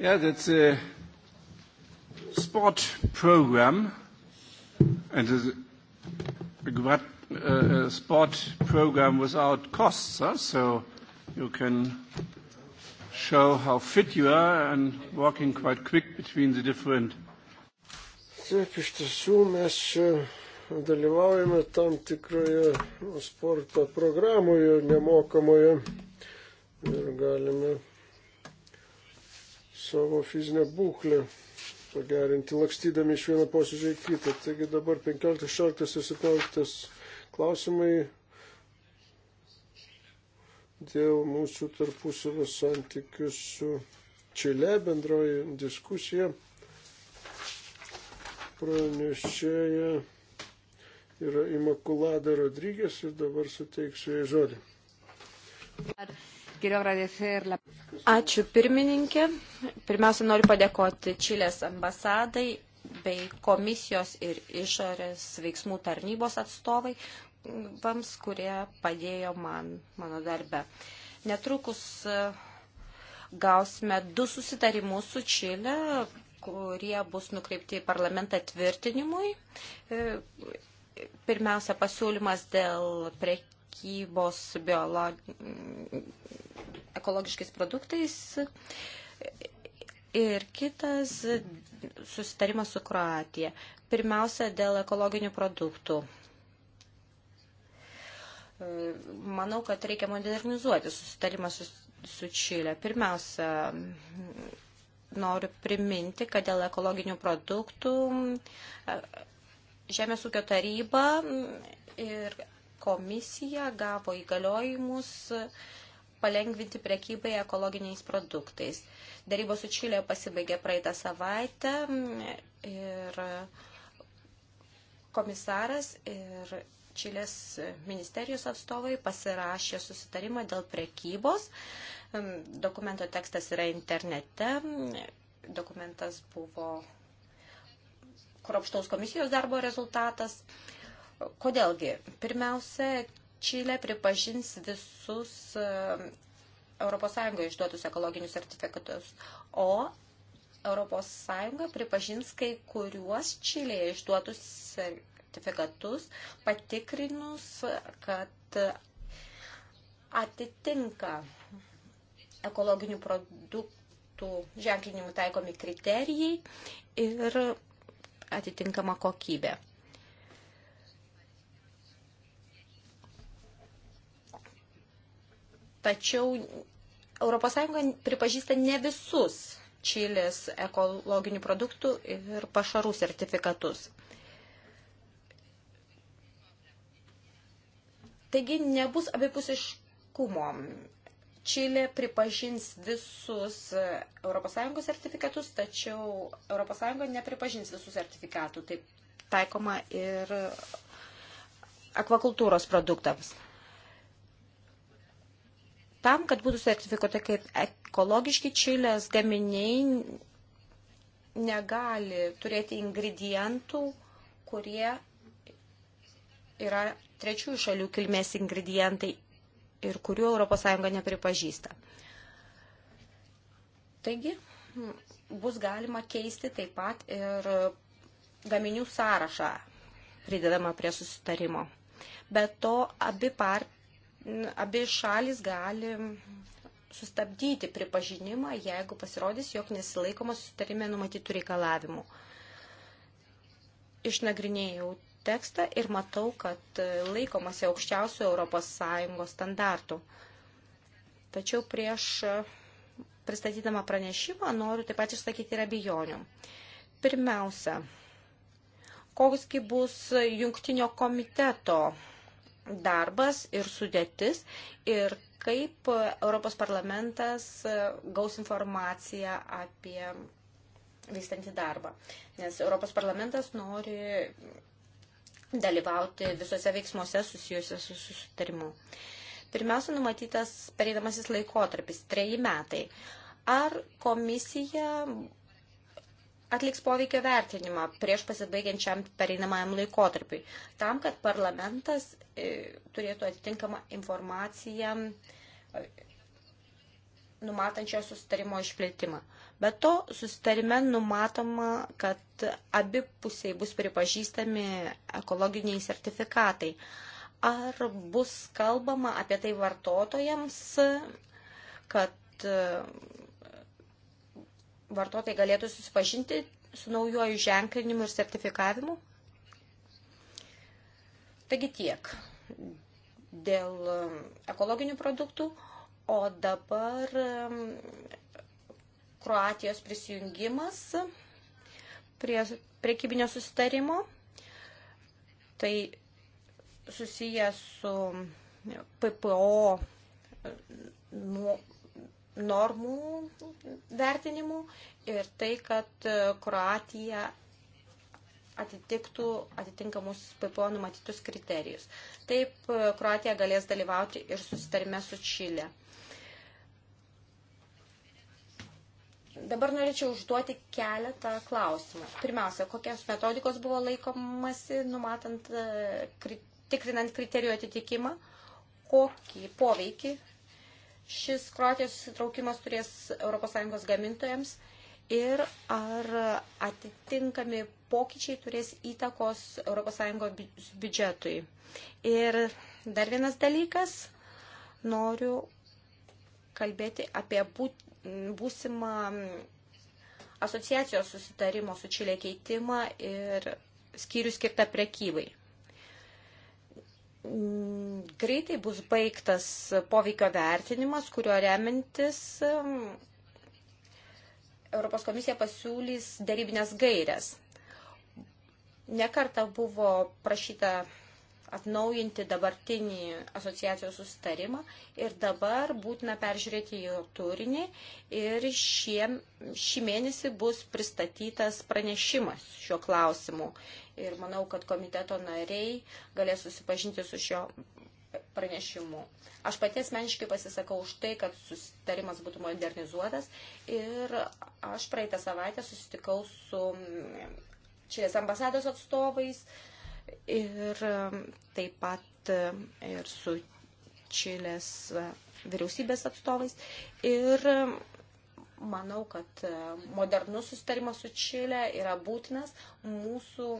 Yeah, that's a sport program and a, a, uh, a sport program without costs, huh? so you can show how fit you are and walking quite quick between the different. Taip, iš tiesų mes dalyvaujame tam tikroje sporto programoje nemokamoje ir galime savo fizinę būklę pagerinti, lakstydami iš vieno posėdžio į kitą. Taigi dabar 15, 16 ir 17 klausimai dėl mūsų tarpusavio santykių su Čile bendroji diskusija. Pranešėja yra Imakulada Rodrygės ir dabar suteiksiu jai žodį. Quiero agradecer la. Ačiū pirmininkė. Pirmiausia, noriu padėkoti Čilės ambasadai bei komisijos ir išorės veiksmų tarnybos atstovai, vams, kurie padėjo man mano darbe. Netrukus e, gausime du susitarimus su Čilė, kurie bus nukreipti į parlamentą tvirtinimui. E, pirmiausia, pasiūlymas dėl prekybos biolo ekologiškais produktais. Ir kitas susitarimas su Kroatija. Pirmiausia, dėl ekologinių produktų. Manau, kad reikia modernizuoti susitarimą su, su Čilė. Pirmiausia, noriu priminti, kad dėl ekologinių produktų Žemės ūkio taryba ir komisija gavo įgaliojimus palengvinti prekybai ekologiniais produktais. Darybos su Čilė pasibaigė praeitą savaitę mm, ir komisaras ir Čilės ministerijos atstovai pasirašė susitarimą dėl prekybos. Mm, dokumento tekstas yra internete. Mm, dokumentas buvo kropštaus komisijos darbo rezultatas. Kodėlgi? Pirmiausia, Čilė pripažins visus ES išduotus ekologinius sertifikatus, o ES pripažins kai kuriuos Čilėje išduotus sertifikatus, patikrinus, kad atitinka ekologinių produktų ženklinimų taikomi kriterijai ir atitinkama kokybė. Tačiau ES pripažįsta ne visus Čilės ekologinių produktų ir pašarų sertifikatus. Taigi nebus abipusiškumo. Čilė pripažins visus ES sertifikatus, tačiau ES nepripažins visų sertifikatų. Taip taikoma ir akvakultūros produktams. Tam, kad būtų sertifikuota kaip ekologiški čilės gaminiai, negali turėti ingredientų, kurie yra trečiųjų šalių kilmės ingredientai ir kurių ES nepripažįsta. Taigi, bus galima keisti taip pat ir gaminių sąrašą pridedama prie susitarimo. Be to, abi part, abi šalis gali sustabdyti pripažinimą, jeigu pasirodys, jog nesilaikoma susitarime numatytų reikalavimų. Išnagrinėjau tekstą ir matau, kad laikomasi aukščiausių ES standartų. Tačiau prieš pristatydama pranešimą noriu taip pat išsakyti ir abejonių. Pirmiausia, koksgi bus jungtinio komiteto darbas ir sudėtis ir kaip Europos parlamentas e, gaus informaciją apie vystantį darbą. Nes Europos parlamentas nori dalyvauti visose veiksmuose susijusiuose su susitarimu. Pirmiausia, numatytas pereinamasis laikotarpis - treji metai. Ar komisija atliks poveikio vertinimą prieš pasibaigiančiam pereinamajam laikotarpiui, tam, kad parlamentas e, turėtų atitinkamą informaciją e, numatančio susitarimo išplėtimą. Be to, susitarime numatoma, kad abi pusiai bus pripažįstami ekologiniai sertifikatai. Ar bus kalbama apie tai vartotojams, kad e, vartotojai galėtų susipažinti su naujuoju ženklinimu ir sertifikavimu. Taigi tiek dėl um, ekologinių produktų, o dabar um, Kroatijos prisijungimas prie prekybinio susitarimo. Tai susijęs su PPO nu, normų vertinimų ir tai, kad e, Kroatija atitiktų atitinkamus PPO numatytus kriterijus. Taip, e, Kroatija galės dalyvauti ir susitarime su Čilė. Dabar norėčiau užduoti keletą klausimų. Pirmiausia, kokios metodikos buvo laikomasi, numatant, e, tikrinant kriterijų atitikimą, kokį poveikį šis Kroatijos susitraukimas turės ES gamintojams ir ar atitinkami pokyčiai turės įtakos ES biudžetui. Ir dar vienas dalykas, noriu kalbėti apie būsimą asociacijos susitarimo su Čilė keitimą ir skyrių skirtą prekybai. Mm, greitai bus baigtas poveikio vertinimas, kurio remintis mm, Europos komisija pasiūlys darybinės gairias. Nekarta buvo prašyta atnaujinti dabartinį asociacijos susitarimą ir dabar būtina peržiūrėti jo turinį ir šie, šį mėnesį bus pristatytas pranešimas šiuo klausimu. Ir manau, kad komiteto nariai galės susipažinti su šio pranešimu. Aš pati asmeniškai pasisakau už tai, kad susitarimas būtų modernizuotas ir aš praeitą savaitę susitikau su Čilės ambasados atstovais, uh, ir um, taip pat um, ir su Čilės uh, vyriausybės atstovais. Ir um, manau, kad uh, modernus sustarimas su Čilė yra būtinas, mūsų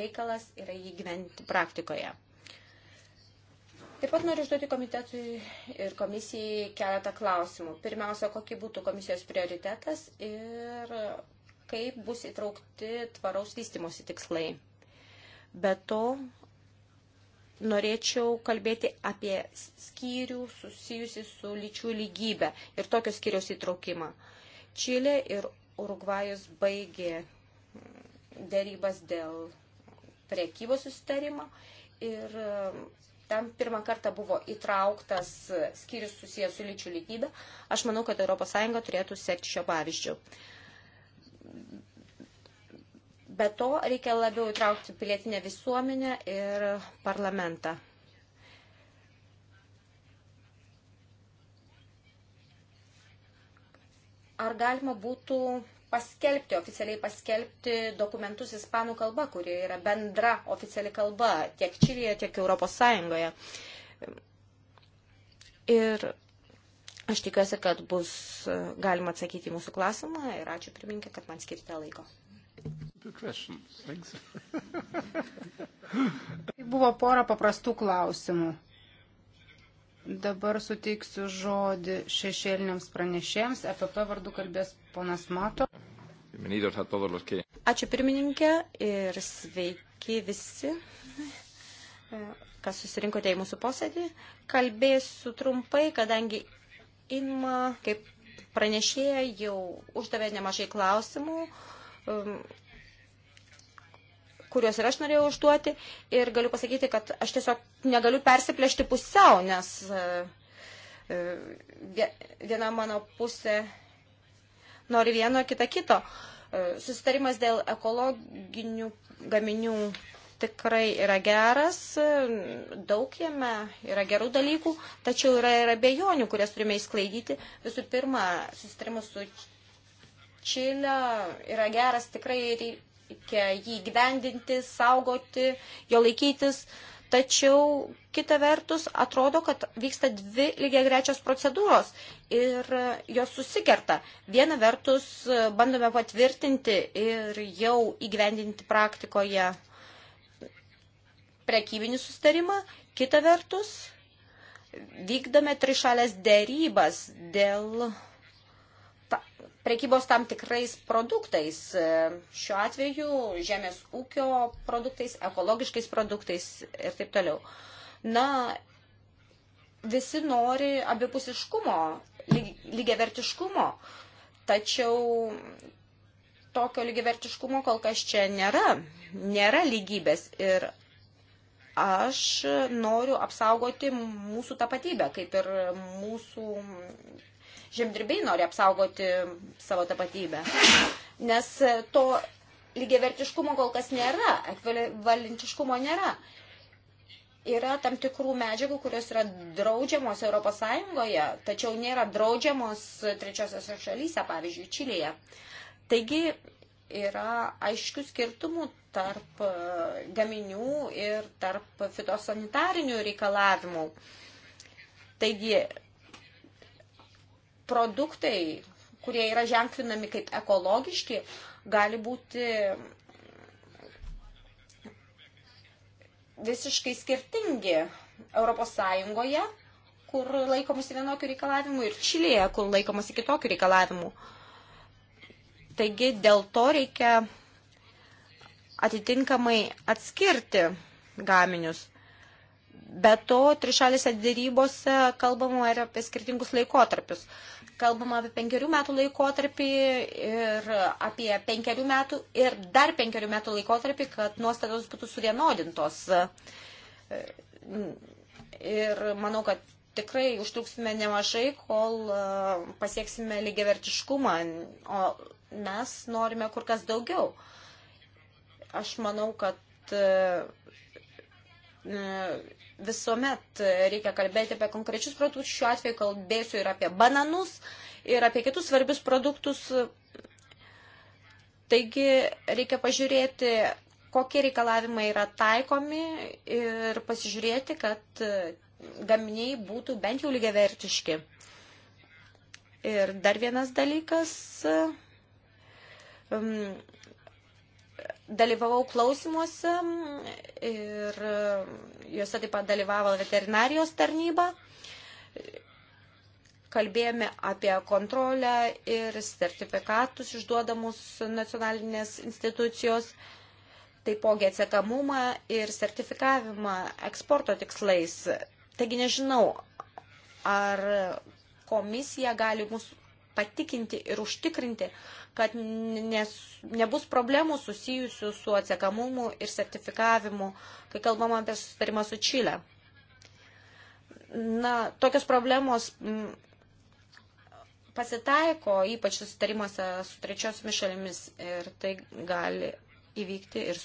reikalas yra jį gyventi praktikoje. Taip pat noriu užduoti komitetui ir komisijai keletą klausimų. Pirmiausia, kokie būtų komisijos prioritetas ir uh, kaip bus įtraukti tvaraus vystimosi tikslai. Be to, norėčiau kalbėti apie skyrių susijusi su lyčių lygybė ir tokio skyriaus įtraukimą. Čilė ir Urugvajus baigė mm, dėrybas dėl priekybos susitarimo ir mm, tam pirmą kartą buvo įtrauktas skyrius susijęs su lyčių lygybė. Aš manau, kad ES turėtų sekti šio pavyzdžių. Be to reikia labiau įtraukti pilietinę visuomenę ir parlamentą. Ar galima būtų paskelbti, oficialiai paskelbti dokumentus ispanų kalba, kuri yra bendra oficiali kalba tiek Čilėje, tiek Europos Sąjungoje. Ir aš tikiuosi, kad bus galima atsakyti į mūsų klausimą ir ačiū pirminkė, kad man skirite laiko. Tai buvo pora paprastų klausimų. Dabar suteiksiu žodį šešėliniams pranešėjams. EPP vardu kalbės ponas Mato. Ačiū pirmininkė ir sveiki visi, kas susirinkote į mūsų posėdį. Kalbėsiu trumpai, kadangi Inma kaip pranešėja jau uždavė nemažai klausimų ehm, kuriuos ir aš norėjau užduoti. Ir galiu pasakyti, kad aš tiesiog negaliu persiplėšti pusiau, nes e, e, viena mano pusė nori vieno, kita kito. E, susitarimas dėl ekologinių gaminių tikrai yra geras, daug jame yra gerų dalykų, tačiau yra ir abejonių, kurias turime įsklaidyti. Visų pirma, susitarimas su Čilė yra geras tikrai reikia jį gyvendinti, saugoti, jo laikytis. Tačiau kita vertus atrodo, kad vyksta dvi lygiai grečios procedūros ir e, jos susikerta. Viena vertus e, bandome patvirtinti ir jau įgyvendinti praktikoje prekybinį sustarimą, kita vertus vykdome trišalės dėrybas dėl prekybos tam tikrais produktais, e, šiuo atveju žemės ūkio produktais, ekologiškais produktais ir taip toliau. Na, visi nori abipusiškumo, lygiavertiškumo, tačiau tokio lygiavertiškumo kol kas čia nėra, nėra lygybės ir aš noriu apsaugoti mūsų tapatybę, kaip ir mūsų žemdirbiai nori apsaugoti savo tapatybę. Nes e, to lygiavertiškumo kol kas nėra, ekvivalentiškumo nėra. Yra tam tikrų medžiagų, kurios yra draudžiamos ES, tačiau nėra draudžiamos trečiosios šalyse, pavyzdžiui, Čilėje. Taigi yra aiškių skirtumų tarp e, gaminių ir tarp fitosanitarinių reikalavimų. Taigi produktai, kurie yra ženklinami kaip ekologiški, gali būti visiškai skirtingi Europos Sąjungoje, kur laikomasi vienokių reikalavimų, ir Čilėje, kur laikomasi kitokių reikalavimų. Taigi dėl to reikia atitinkamai atskirti gaminius. Be to, trišalėse dėrybose kalbama ir apie skirtingus laikotarpius. Kalbama apie penkerių metų laikotarpį ir apie penkerių metų ir dar penkerių metų laikotarpį, kad nuostatos būtų suvienodintos. Ir manau, kad tikrai užtruksime nemažai, kol e, pasieksime lygiavertiškumą, o mes norime kur kas daugiau. Aš manau, kad e, visuomet reikia kalbėti apie konkrečius produktus. Šiuo atveju kalbėsiu ir apie bananus, ir apie kitus svarbius produktus. Taigi reikia pažiūrėti, kokie reikalavimai yra taikomi ir pasižiūrėti, kad gaminiai būtų bent jau lygiavertiški. Ir dar vienas dalykas. Um, dalyvavau klausimuose ir juose taip pat dalyvavo veterinarijos tarnyba. Kalbėjome apie kontrolę ir sertifikatus išduodamus nacionalinės institucijos, taipogi atsekamumą ir sertifikavimą eksporto tikslais. Taigi nežinau, ar komisija gali mūsų patikinti ir užtikrinti, kad nes, nebus problemų susijusių su atsiekamumu ir sertifikavimu, kai kalbam apie susitarimą su Čilė. Na, tokios problemos m, mm, pasitaiko, ypač susitarimuose su trečiosiomis šalimis ir tai gali įvykti ir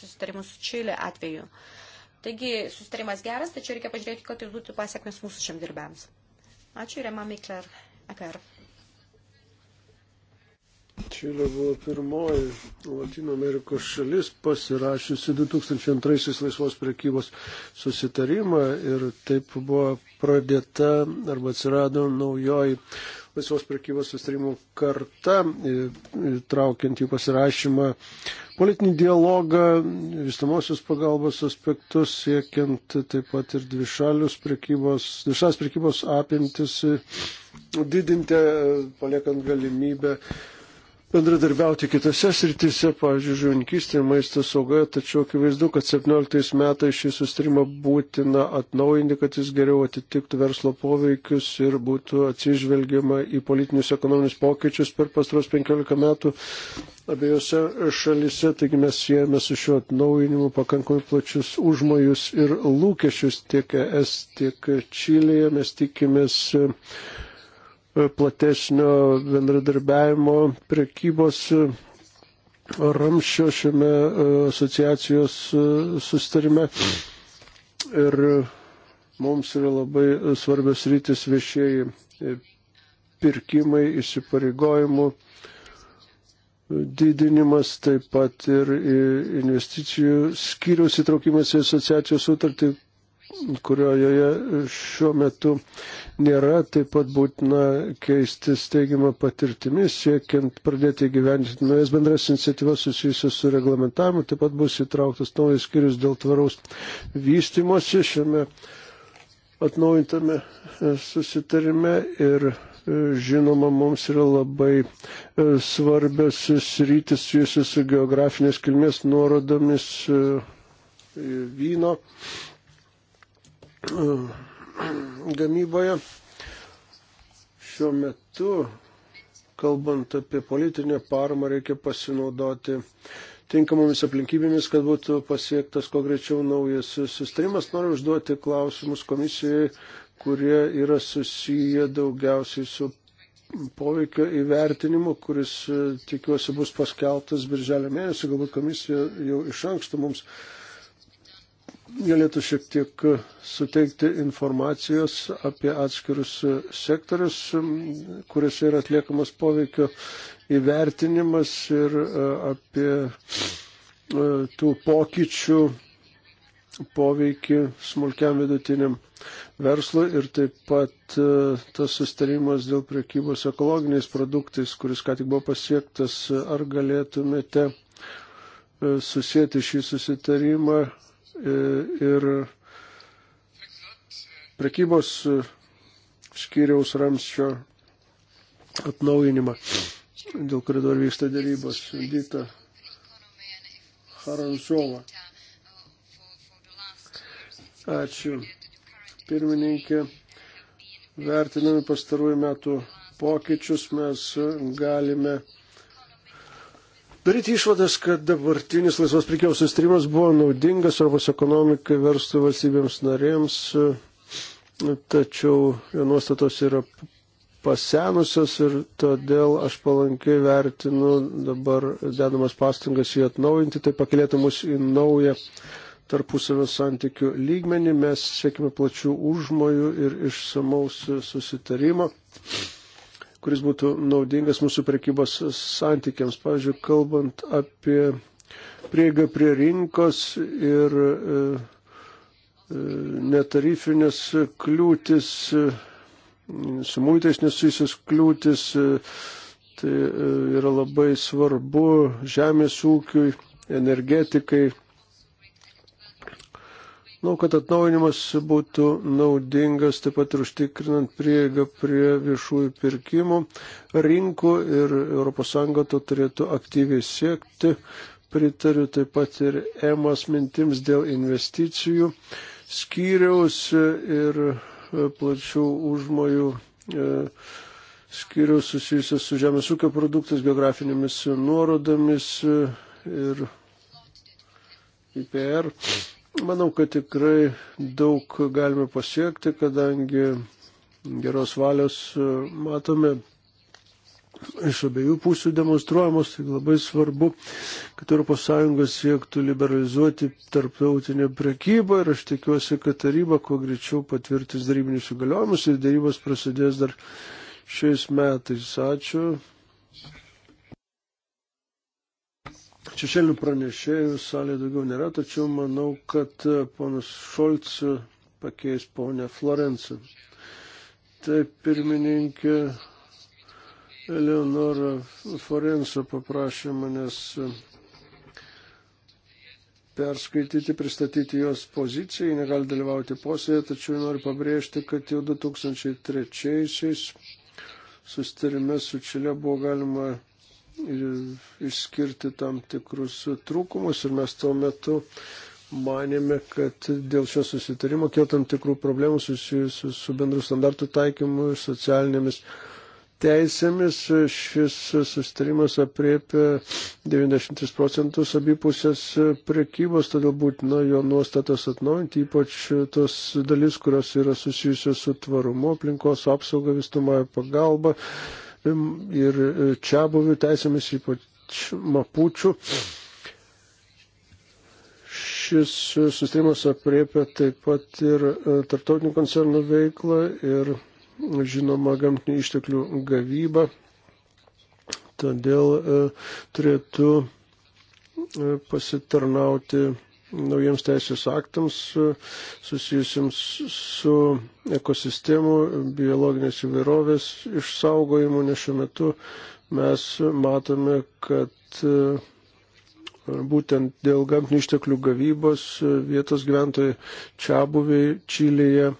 susitarimų su Čilė atveju. Taigi, susitarimas geras, tačiau reikia pažiūrėti, kad tai būtų pasiekmes mūsų šiam dirbėms. Ačiū ir Emami Eker. Čilė buvo pirmoji Latino Amerikos šalis pasirašiusi 2002 laisvos prekybos susitarimą ir taip buvo pradėta arba atsirado naujoji laisvos prekybos susitarimų karta, traukiant jų pasirašymą politinį dialogą, vystamosios pagalbos aspektus, siekiant taip pat ir dvišalius prekybos, dvišalės prekybos apimtis didinti, paliekant galimybę bendradarbiauti kitose sritise, pavyzdžiui, žuvininkystė, maisto sauga, tačiau akivaizdu, kad 17 metais šį sustarimą būtina atnaujinti, kad jis geriau atitiktų verslo poveikius ir būtų atsižvelgiama į politinius ekonominius pokyčius per pastaros 15 metų abiejose šalise, taigi mes siejame su šiuo atnaujinimu pakankamai plačius užmojus ir lūkesčius tiek ES, tiek Čilėje, mes tikimės platesnio bendradarbiavimo prekybos ramščio šiame e, asociacijos e, sustarime. Ir mums yra labai svarbios rytis viešieji e, pirkimai, įsipareigojimų didinimas, taip pat ir investicijų skyrius įtraukimas į asociacijos sutartį, kurioje šiuo metu nėra, taip pat būtina keisti steigiamą patirtimį, siekiant pradėti gyventi naujas bendras iniciatyvas susijusios su reglamentavimu, taip pat bus įtrauktas naujas skyrius dėl tvaraus vystimosi šiame atnaujintame susitarime ir e, žinoma, mums yra labai e, svarbios sritis susijusios su geografinės kilmės nuorodomis e, vyno gamyboje. Šiuo metu, kalbant apie politinę paramą, reikia pasinaudoti tinkamomis aplinkybėmis, kad būtų pasiektas kuo greičiau naujas sustrimas. Noriu užduoti klausimus komisijai, kurie yra susiję daugiausiai su poveikio įvertinimu, kuris tikiuosi bus paskeltas birželio mėnesį. Galbūt komisija jau iš anksto mums galėtų šiek tiek suteikti informacijos apie atskirus sektorius, kuriuose yra atliekamas poveikio įvertinimas ir e, apie e, tų pokyčių poveikį smulkiam vidutiniam verslui ir taip pat e, tas sustarimas dėl priekybos ekologiniais produktais, kuris ką tik buvo pasiektas, ar galėtumėte susijęti šį susitarimą E, ir prekybos skyriaus ramščio atnaujinimą, dėl kurio dar vyksta dėrybos. Dita Haranzova. Ačiū. Pirmininkė, vertinami pastarųjų metų pokyčius mes galime daryti išvadas, kad dabartinis laisvos prekiaus sustarimas buvo naudingas Europos ekonomikai verstų valstybėms narėms, tačiau nuostatos yra pasenusios ir todėl aš palankiai vertinu dabar dedamas pastangas jį atnaujinti, tai pakelėtų mus į naują tarpusavio santykių lygmenį, mes siekime plačių užmojų ir išsamaus susitarimo kuris būtų naudingas mūsų prekybos santykiams. Pavyzdžiui, kalbant apie prieigą prie rinkos ir e, e, netarifinės kliūtis, e, su muitais nesusijusios kliūtis, tai yra labai svarbu žemės ūkiui, energetikai Manau, kad atnaujinimas būtų naudingas taip pat ir užtikrinant prieigą prie viešųjų pirkimų rinkų ir ES to turėtų aktyviai siekti. Pritariu taip pat ir EMAS mintims dėl investicijų skyriaus ir e, plačių užmojų e, skyriaus susijusios su žemės ūkio produktais, geografinėmis nuorodomis e, ir IPR. Taip Manau, kad tikrai daug galime pasiekti, kadangi geros valios e, matome iš abiejų pusių demonstruojamos, tai labai svarbu, kad ES siektų liberalizuoti tarptautinę prekybą ir aš tikiuosi, kad taryba kuo greičiau patvirtins darybinius įgaliojimus ir darybos prasidės dar šiais metais. Ačiū. šešėlių pranešėjų salėje daugiau nėra, tačiau manau, kad e, ponas Šolc pakeis ponę Florenciją. Taip, pirmininkė Eleonora Florencija paprašė manęs e, perskaityti, pristatyti jos poziciją, negali dalyvauti posėdėje, tačiau noriu pabrėžti, kad jau 2003-aisiais susitarime su Čilė buvo galima išskirti tam tikrus trūkumus ir mes tuo metu manėme, kad dėl šio susitarimo kėl tam tikrų problemų susijusių su bendru standartų taikymu ir socialinėmis teisėmis. Šis susitarimas apriepia 93 procentus abipusės prekybos, todėl būtina jo nuostatas atnaujinti, ypač tos dalis, kurios yra susijusios su tvarumu, aplinkos apsauga, vystumąją pagalbą ir e, čia buvių teisėmis, ypač mapučių. Šis e, sustarimas apriepia taip pat ir e, tarptautinių koncernų veiklą ir žinoma gamtinių išteklių gavybą. Todėl turėtų pasitarnauti naujiems teisės aktams e, susijusiams su ekosistemų, biologinės įvairovės išsaugojimu, nes šiuo metu mes matome, kad e, būtent dėl gamtinių išteklių gavybos e, vietos gyventojai čia buviai Čilėje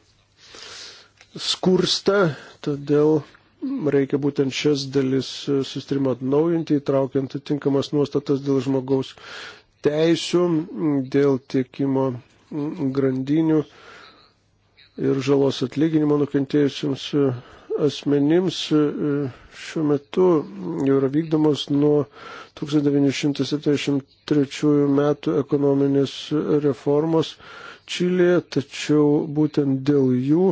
skursta, todėl reikia būtent šias dalis sustrimo atnaujinti, įtraukiant atitinkamas nuostatas dėl žmogaus teisų, dėl tiekimo grandinių ir žalos atlyginimo nukentėjusiems asmenims šiuo metu jau yra vykdomos nuo 1973 metų ekonominės reformos Čilėje, tačiau būtent dėl jų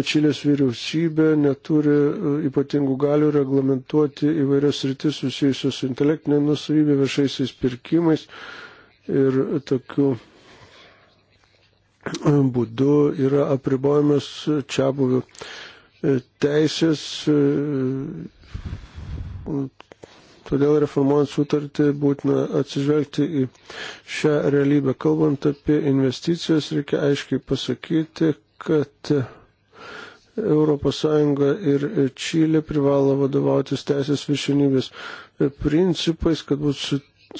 Čilės vyriausybė neturi e, ypatingų galių reglamentuoti įvairias rytis susijusios su intelektinė nusavybė viešaisiais pirkimais ir tokiu e, būdu yra apribojamas čia buvių e, teisės. Todėl reformuojant sutartį būtina atsižvelgti į šią realybę. Kalbant apie investicijas, reikia aiškiai pasakyti, kad ES ir Čilė privalo vadovautis teisės viršinybės principais, kad būtų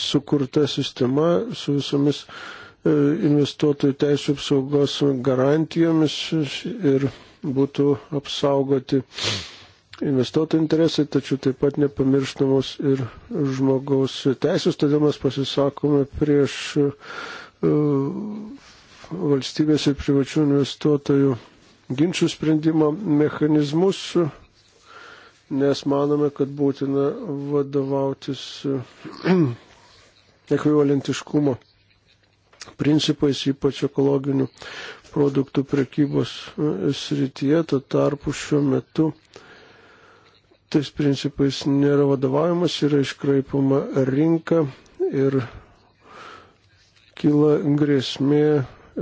sukurta sistema su visomis e, investuotojų teisų apsaugos garantijomis ir būtų apsaugoti investuotojų interesai, tačiau taip pat nepamirštamos ir žmogaus teisės, todėl mes pasisakome prieš e, valstybės ir privačių investuotojų ginčių sprendimo mechanizmus, nes manome, kad būtina vadovautis ekvivalentiškumo principais, ypač ekologinių produktų prekybos e, srityje, to tarpu šiuo metu tais principais nėra vadovavimas, yra iškraipama rinka ir kyla grėsmė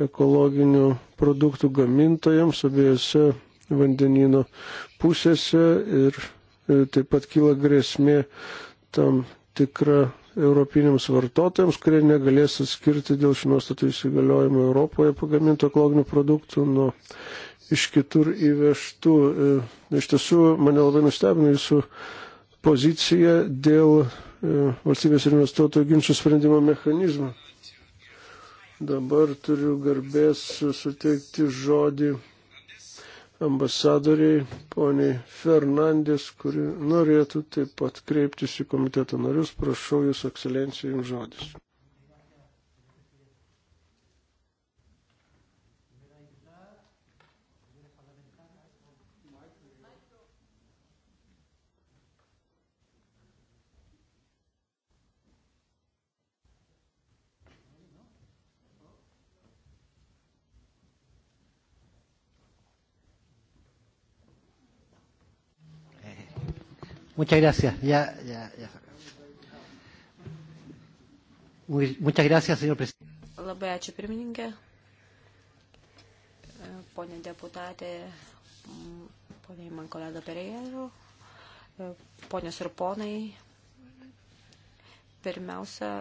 ekologinių produktų gamintojams abiejose vandenino pusėse ir e, taip pat kyla grėsmė tam tikra europiniams vartotojams, kurie negalės atskirti dėl šių nuostatų įsigaliojimo Europoje pagamintų ekologinių produktų nuo iš kitur įvežtų. E, iš tiesų mane labai nustebino jūsų pozicija dėl e, valstybės ir investuotojų ginčių sprendimo mechanizmo. Dabar turiu garbės suteikti žodį ambasadoriai poniai Fernandės, kuri norėtų taip pat kreiptis į komiteto narius. Prašau Jūs, ekscelencija, Jums žodis. Muchas gracias. Ya, ya, ya. Muy, muchas gracias, señor presidente. Labai ačiū pirmininkė, ponė deputatė, ponė man kolega Perėjero, ponės ir ponai. Pirmiausia,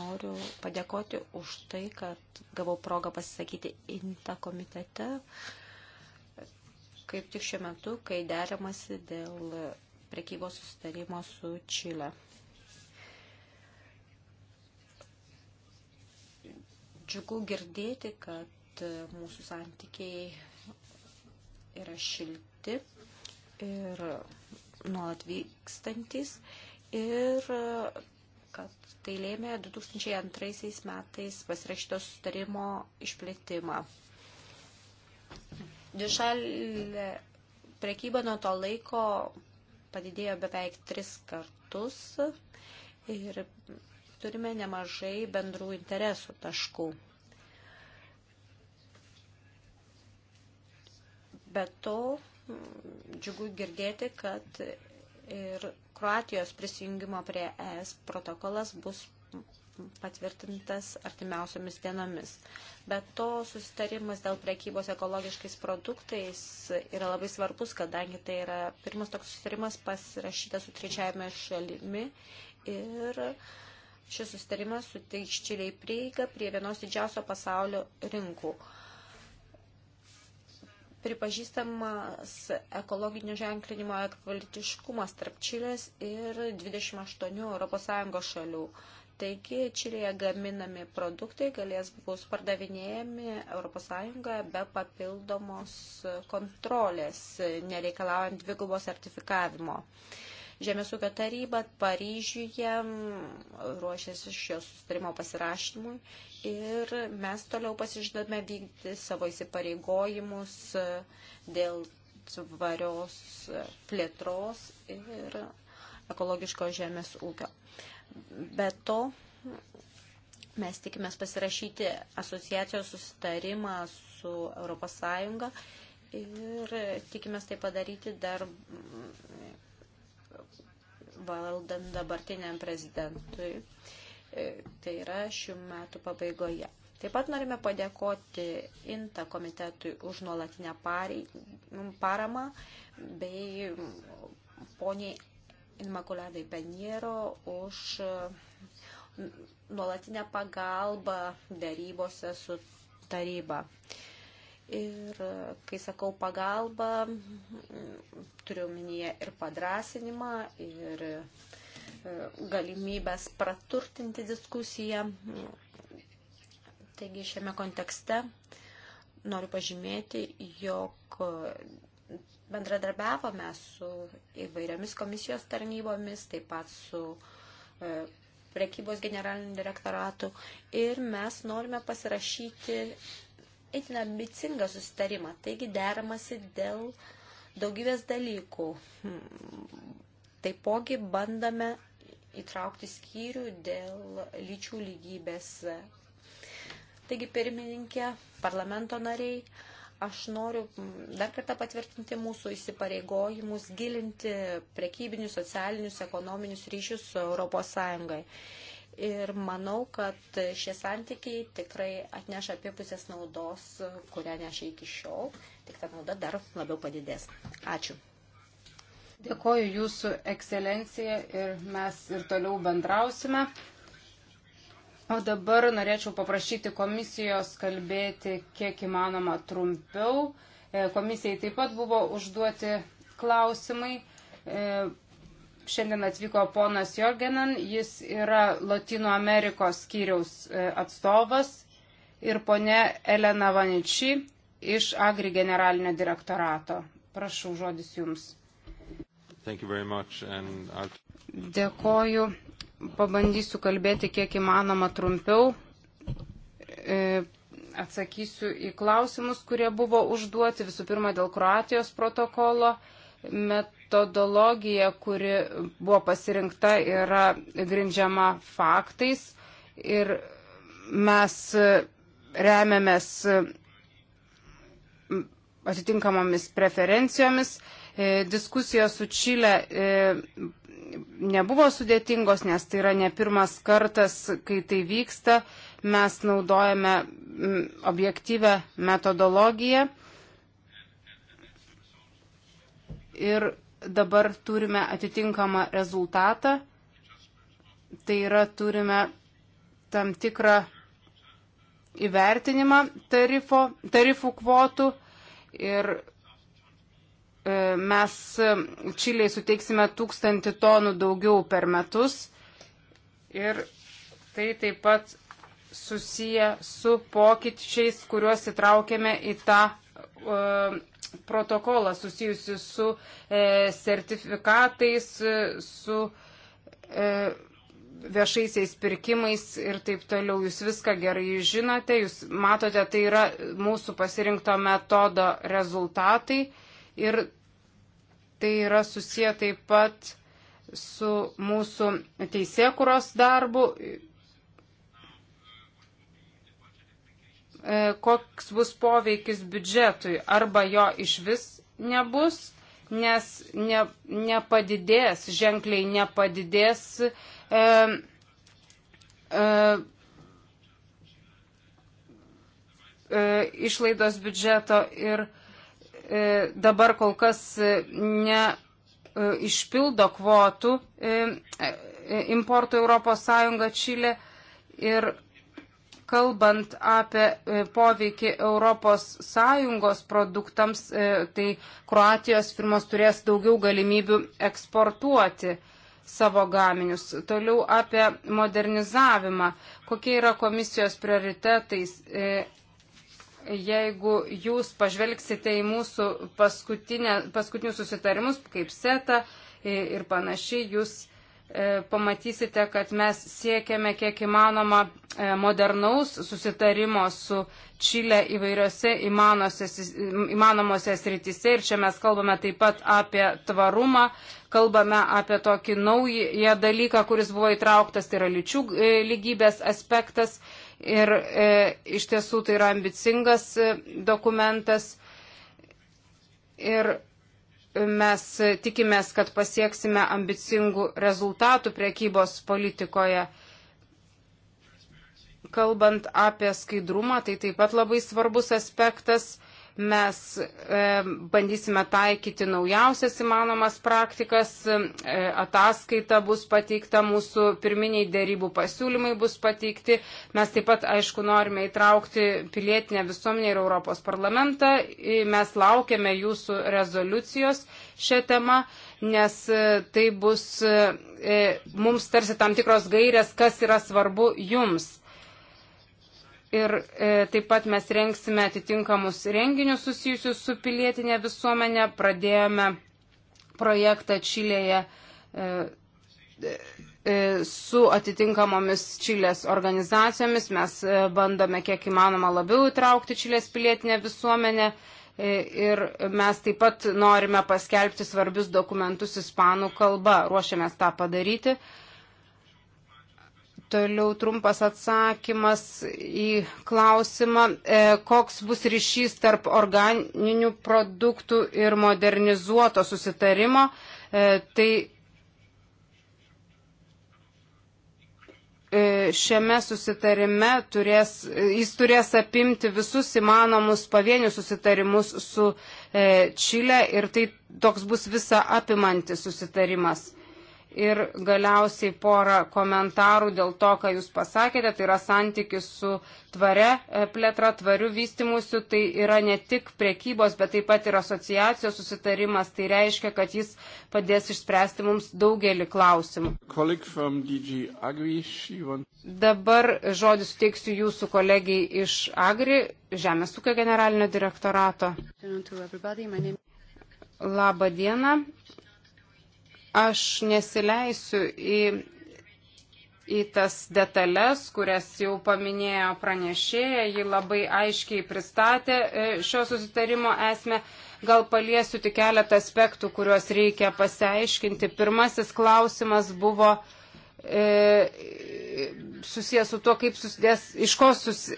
noriu padėkoti už tai, kad gavau progą pasisakyti INTA komitete, kaip tik šiuo metu, kai deramasi dėl prekybos sustarimo su Čile. Džiugu girdėti, kad mūsų santykiai yra šilti ir nuolat vykstantis ir kad tai lėmė 2002 metais pasirašyto sustarimo išplėtimą. Dvišalė prekyba nuo to laiko padidėjo beveik tris kartus ir turime nemažai bendrų interesų taškų. Be to, džiugu girdėti, kad ir Kroatijos prisijungimo prie ES protokolas bus patvirtintas artimiausiomis dienomis. Bet to susitarimas dėl prekybos ekologiškais produktais yra labai svarbus, kadangi tai yra pirmas toks susitarimas pasirašytas su trečiajame šalimi ir šis susitarimas suteiks Čiliai prieigą prie vienos didžiausio pasaulio rinkų. Pripažįstamas ekologinio ženklinimo ekvalitiškumas tarp Čilės ir 28 ES šalių. Taigi Čilėje gaminami produktai galės bus pardavinėjami ES be papildomos kontrolės, nereikalaujant dvigubo sertifikavimo. Žemės ūkio taryba Paryžiuje ruošiasi šio sustarimo pasirašymui ir mes toliau pasižadame vykdyti savo įsipareigojimus dėl tvarios plėtros ir ekologiško žemės ūkio. Be to, mes tikimės pasirašyti asociacijos susitarimą su ES ir tikimės tai padaryti dar valdant dabartiniam prezidentui. E, tai yra šių metų pabaigoje. Taip pat norime padėkoti INTA komitetui už nuolatinę paramą bei poniai Inmakuladai Beniero už e, nuolatinę pagalbą darybose su taryba. Ir e, kai sakau pagalbą, turiu minėję ir padrasinimą, ir e, galimybės praturtinti diskusiją. Taigi šiame kontekste noriu pažymėti, jog bendradarbiavome su įvairiomis komisijos tarnybomis, taip pat su e, prekybos generaliniu direktoratu ir mes norime pasirašyti itin ambicingą susitarimą. Taigi deramasi dėl daugybės dalykų. Taipogi bandame įtraukti skyrių dėl lyčių lygybės. Taigi pirmininkė, parlamento nariai, Aš noriu dar kartą patvirtinti mūsų įsipareigojimus gilinti prekybinius, socialinius, ekonominius ryšius su ES. Ir manau, kad šie santykiai tikrai atneš apie pusės naudos, kurią neša iki šiol. Tik ta nauda dar labiau padidės. Ačiū. Dėkoju Jūsų ekscelencija ir mes ir toliau bendrausime. O dabar norėčiau paprašyti komisijos kalbėti kiek įmanoma trumpiau. E, komisijai taip pat buvo užduoti klausimai. E, šiandien atvyko ponas Jorgenan, jis yra Latino Amerikos skyriaus e, atstovas ir ponė Elena Vaniči iš Agri generalinio direktorato. Prašau, žodis jums. Dėkoju. Pabandysiu kalbėti kiek įmanoma trumpiau. E, atsakysiu į klausimus, kurie buvo užduoti. Visų pirma, dėl Kroatijos protokolo metodologija, kuri buvo pasirinkta, yra grindžiama faktais ir mes remiamės atitinkamomis preferencijomis. E, Diskusijos su Čilė e, nebuvo sudėtingos, nes tai yra ne pirmas kartas, kai tai vyksta. Mes naudojame objektyvę metodologiją. Ir dabar turime atitinkamą rezultatą. Tai yra turime tam tikrą įvertinimą tarifo, tarifų kvotų ir E, mes e, Čiliai suteiksime tūkstantį tonų daugiau per metus. Ir tai taip pat susiję su pokyčiais, kuriuos įtraukėme į tą e, protokolą susijusi su e, sertifikatais, e, su e, viešaisiais pirkimais ir taip toliau. Jūs viską gerai žinote, jūs matote, tai yra mūsų pasirinkto metodo rezultatai. E, ir tai yra susiję taip pat su mūsų teisėkuros darbu. E, koks bus poveikis biudžetui arba jo iš vis nebus, nes ne, nepadidės, ženkliai nepadidės e, e, e išlaidos biudžeto ir e, E, dabar kol kas e, neišpildo e, kvotų importų Europos Sąjunga Čilė ir kalbant apie poveikį Europos Sąjungos produktams, tai Kroatijos firmos turės daugiau galimybių eksportuoti savo gaminius. Toliau apie modernizavimą. Kokie yra komisijos prioritetais jeigu jūs pažvelgsite į mūsų paskutinius susitarimus, kaip SETA ir panašiai, jūs e, pamatysite, kad mes siekiame kiek įmanoma e, modernaus susitarimo su Čilė įvairiose įmanomose sritise. Ir čia mes kalbame taip pat apie tvarumą, kalbame apie tokį naują dalyką, kuris buvo įtrauktas, tai yra lyčių e, lygybės aspektas. Ir e, iš tiesų tai yra ambicingas e, dokumentas. Ir mes tikimės, kad pasieksime ambicingų rezultatų priekybos politikoje. Kalbant apie skaidrumą, tai taip pat labai svarbus aspektas. Mes e, bandysime taikyti naujausias įmanomas praktikas, e, ataskaita bus pateikta, mūsų pirminiai dėrybų pasiūlymai bus pateikti. Mes taip pat, aišku, norime įtraukti pilietinę visuomenę ir Europos parlamentą. E, mes laukiame jūsų rezoliucijos šią temą, nes e, tai bus e, e, mums tarsi tam tikros gairės, kas yra svarbu jums. Ir e, taip pat mes rengsime atitinkamus renginius susijusius su pilietinė visuomenė. Pradėjome projektą Čilėje e, e, su atitinkamomis Čilės organizacijomis. Mes e, bandome kiek įmanoma labiau įtraukti Čilės pilietinę visuomenę. E, ir mes taip pat norime paskelbti svarbius dokumentus ispanų kalba. Ruošiamės tą padaryti. E, Toliau trumpas atsakymas į klausimą, e, koks bus ryšys tarp organinių produktų ir modernizuoto susitarimo. E, tai e, šiame susitarime turės, jis turės apimti visus įmanomus pavienius susitarimus su Čilė ir tai toks bus visa apimantis susitarimas. Ir galiausiai porą komentarų dėl to, ką Jūs pasakėte, tai yra santykis su tvare plėtra, tvariu vystimusiu, tai yra ne tik priekybos, bet taip pat ir asociacijos susitarimas, tai reiškia, kad jis padės išspręsti mums daugelį klausimų. Agri, want... Dabar žodį suteiksiu Jūsų kolegijai iš Agri, Žemės ūkio generalinio direktorato. Labą dieną, Aš nesileisiu į, į tas detalės, kurias jau paminėjo pranešėja, ji labai aiškiai pristatė e, šio susitarimo esmę. Gal paliesiu tik keletą aspektų, kuriuos reikia pasiaiškinti. Pirmasis klausimas buvo, uh, E, susijęs su tuo, kaip susidės, iš ko susi,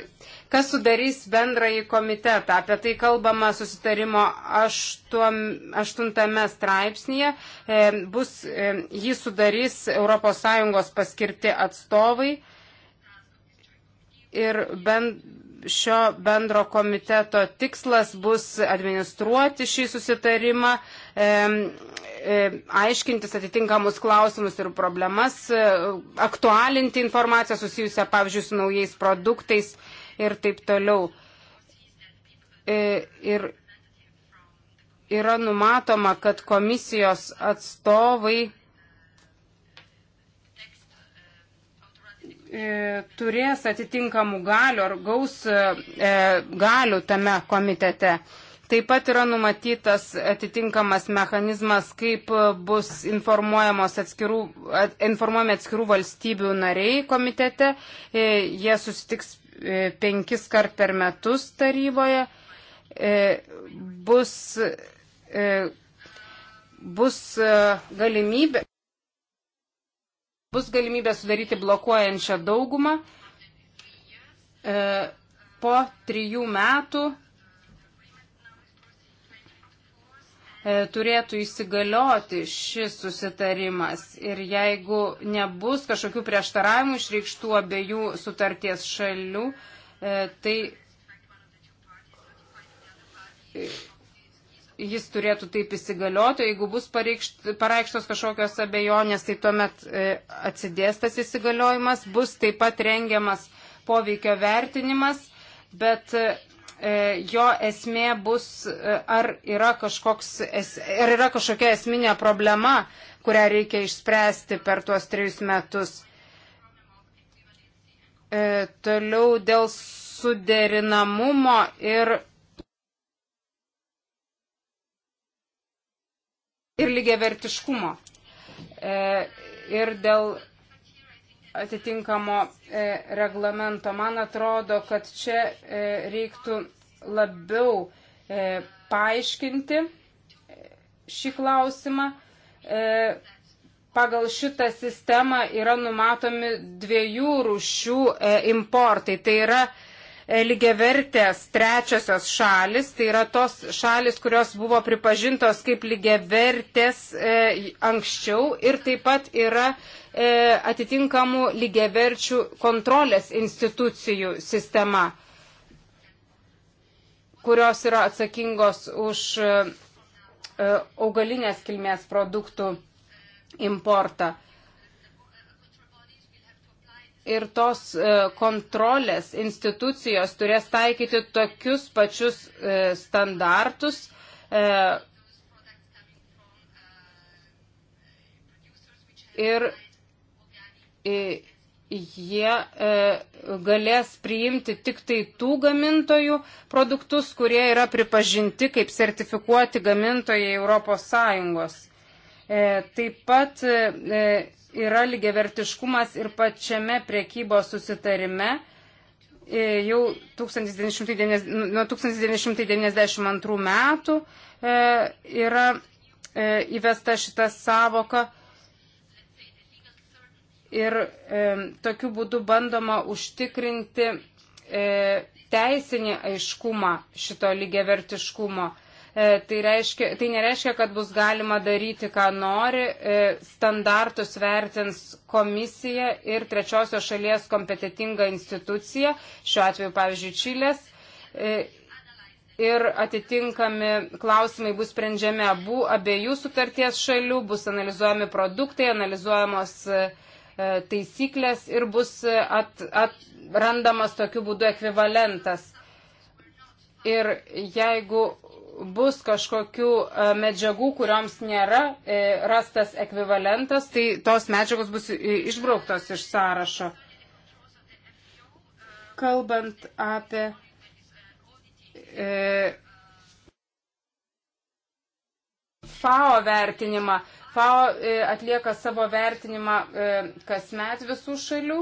kas sudarys bendrąjį komitetą. Apie tai kalbama susitarimo aštuom, aštuntame straipsnėje. E, bus, e, jį sudarys ES paskirti atstovai ir bend, šio bendro komiteto tikslas bus administruoti šį susitarimą. E, E, aiškintis atitinkamus klausimus ir problemas, e, aktualinti informaciją susijusią, pavyzdžiui, su naujais produktais ir taip toliau. E, ir yra numatoma, kad komisijos atstovai turės atitinkamų galių ar gaus galių tame komitete. Taip pat yra numatytas atitinkamas mechanizmas, kaip e, bus atskirų, informuojami atskirų valstybių nariai komitete. E, jie susitiks e, penkis kart per metus taryboje. Bus, bus galimybė. Bus galimybė sudaryti blokuojančią daugumą. Po trijų metų E, turėtų įsigalioti šis susitarimas ir jeigu nebus kažkokių prieštaravimų išreikštų abiejų sutarties šalių, e, tai jis turėtų taip įsigalioti, jeigu bus pareikštos kažkokios abejonės, tai tuomet e, atsidėstas įsigaliojimas, bus taip pat rengiamas poveikio vertinimas, bet E, jo esmė bus, e, ar yra, kažkoks, ar yra kažkokia esminė problema, kurią reikia išspręsti per tuos trejus metus. E, toliau dėl suderinamumo ir, ir lygiavertiškumo. Ir dėl atitinkamo e, reglamento. Man atrodo, kad čia e, reiktų labiau e, paaiškinti šį klausimą. Pagal šitą sistemą yra numatomi dviejų rūšių importai. Tai yra E, lygiavertės trečiosios šalis, tai yra tos šalis, kurios buvo pripažintos kaip lygiavertės e, anksčiau ir taip pat yra e, atitinkamų lygiaverčių kontrolės institucijų sistema, kurios yra atsakingos už e, e augalinės kilmės produktų importą ir tos e, kontrolės institucijos turės taikyti tokius pačius e, standartus. E, ir jie galės priimti tik tai tų gamintojų produktus, kurie yra pripažinti kaip sertifikuoti gamintojai Europos Sąjungos. Taip pat yra lygiavertiškumas ir pačiame priekybos susitarime. E, jau 1990, nuo 1992 metų e, yra e, įvesta šita savoka ir tokiu būdu bandoma užtikrinti teisinį aiškumą šito lygiavertiškumo E, tai, reiškia, tai nereiškia, kad bus galima daryti, ką nori. E, standartus vertins komisija ir trečiosios šalies kompetitinga institucija, šiuo atveju, pavyzdžiui, Čilės e, ir atitinkami klausimai bus sprendžiami abu, abiejų sutarties šalių, bus analizuojami produktai, analizuojamos taisyklės ir bus at, atrandamas tokiu būdu ekvivalentas. Ir jeigu bus kažkokių e, medžiagų, kurioms nėra e, rastas ekvivalentas, tai tos medžiagos bus išbrauktos iš sąrašo. Kalbant apie. E, FAO vertinimą. FAO atlieka savo vertinimą kasmet visų šalių.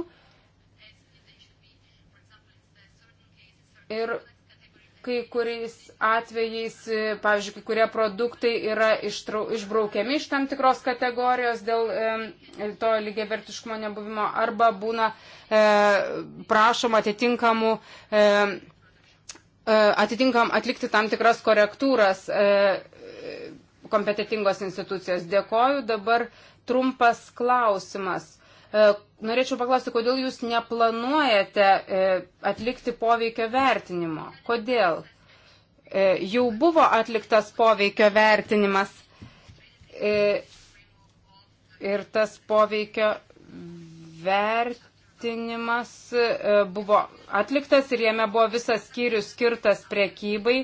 Ir kai kuriais atvejais, pavyzdžiui, kai kurie produktai yra ištrau, išbraukiami iš tam tikros kategorijos dėl e, to lygiavertiškumo nebuvimo arba būna e, prašoma atitinkamų. E, atitinkam atlikti tam tikras korektūras e, e kompetitingos institucijos. Dėkoju. Dabar trumpas klausimas. E, norėčiau paklausti, kodėl jūs neplanuojate e, atlikti poveikio vertinimo? Kodėl? E, jau buvo atliktas poveikio vertinimas ir tas poveikio vertinimas vertinimas buvo atliktas ir jame buvo visas skyrius skirtas prekybai.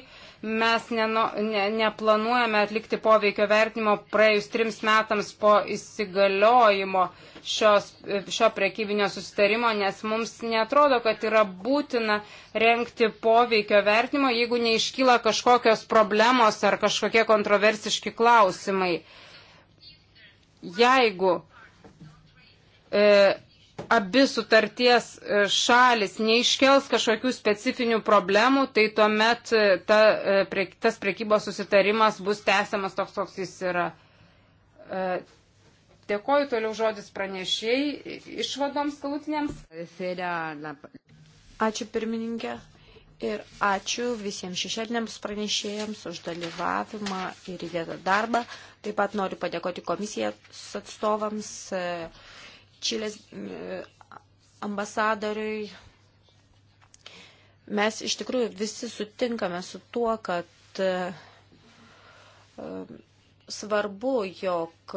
Mes neno, ne, neplanuojame atlikti poveikio vertinimo praėjus trims metams po įsigaliojimo šios, šio prekybinio susitarimo, nes mums netrodo, kad yra būtina renkti poveikio vertinimo, jeigu neiškyla kažkokios problemos ar kažkokie kontroversiški klausimai. Jeigu e, abi sutarties e, šalis neiškels kažkokių specifinių problemų, tai tuomet e, ta, e, tas prekybos susitarimas bus tęsiamas toks, koks jis yra. Dėkoju toliau žodis pranešėjai išvadoms galutinėms. Ačiū pirmininkė ir ačiū visiems šešėliniams pranešėjams už dalyvavimą ir įdėtą darbą. Taip pat noriu padėkoti komisijos atstovams. E, Čilės e, ambasadoriui. Mes iš tikrųjų visi sutinkame su tuo, kad e, e, svarbu, jog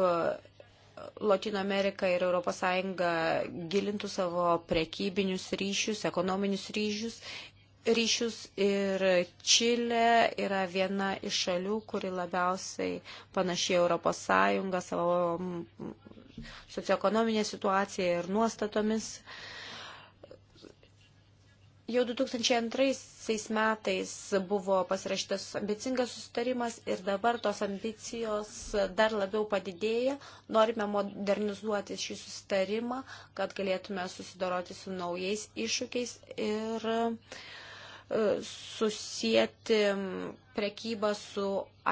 Latino Amerika ir ES gilintų savo prekybinius ryšius, ekonominius ryšius. Ryšius ir Čilė yra viena iš šalių, kuri labiausiai panašiai ES savo socioekonominė situacija ir nuostatomis. Jau 2002 metais buvo pasirašytas ambicingas susitarimas ir dabar tos ambicijos dar labiau padidėja. Norime modernizuoti šį susitarimą, kad galėtume susidoroti su naujais iššūkiais ir uh, E, susijęti prekybą su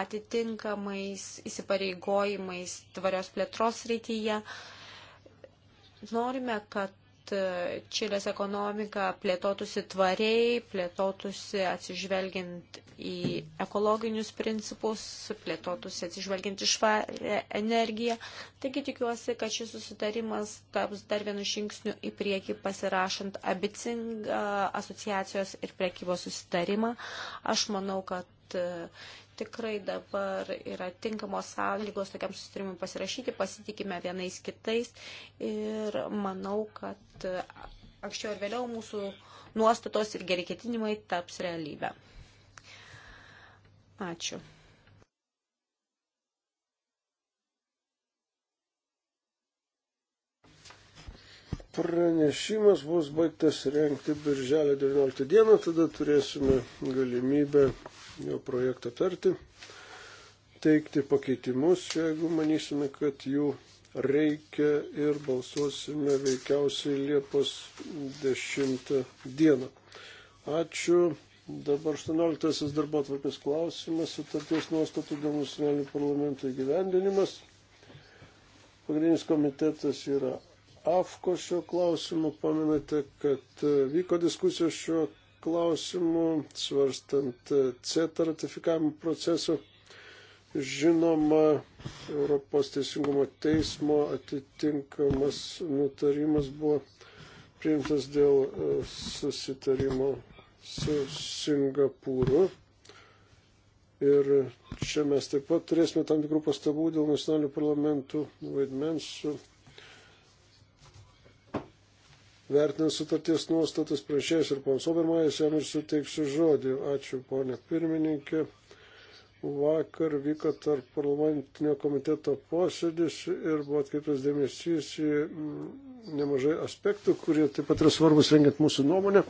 atitinkamais įsipareigojimais tvarios plėtros rytyje. Norime, kad e, Čilės ekonomika plėtotųsi tvariai, plėtotųsi atsižvelgiant į ekologinius principus, plėtotųsi atsižvelgiant į švarę energiją. Taigi tikiuosi, kad šis susitarimas taps dar vienu žingsniu į priekį pasirašant abicingą asociacijos ir priekybos susitarimą. Aš manau, kad e, tikrai dabar yra tinkamos sąlygos tokiam susitarimui pasirašyti, pasitikime vienais kitais ir manau, kad e, anksčiau ir vėliau mūsų nuostatos ir geri ketinimai taps realybę. Ačiū. pranešimas bus baigtas renkti birželio 19 dieną, tada turėsime galimybę jo projektą tarti, teikti pakeitimus, jeigu manysime, kad jų reikia ir balsuosime veikiausiai Liepos 10 dieną. Ačiū. Dabar 18 darbo atvarkės klausimas, sutarties nuostatų dėl nacionalinių parlamentų įgyvendinimas. Pagrindinis komitetas yra AFKO šio klausimu. Pamenate, kad e, vyko diskusijos šio klausimu, svarstant e, CETA ratifikavimo procesą. Žinoma, Europos teisingumo teismo atitinkamas nutarimas buvo priimtas dėl e, susitarimo su Singapūru. Ir čia mes taip pat turėsime tam tikrų pastabų dėl nacionalinių parlamentų vaidmens, vertinant sutarties nuostatas priešės ir ponas Obermajas, jam ir suteiksiu žodį. Ačiū, ponė pirmininkė. Vakar vyko tarp parlamentinio komiteto posėdis ir buvo atkreiptas dėmesys į nemažai aspektų, kurie taip pat yra svarbus rengiant mūsų nuomonę.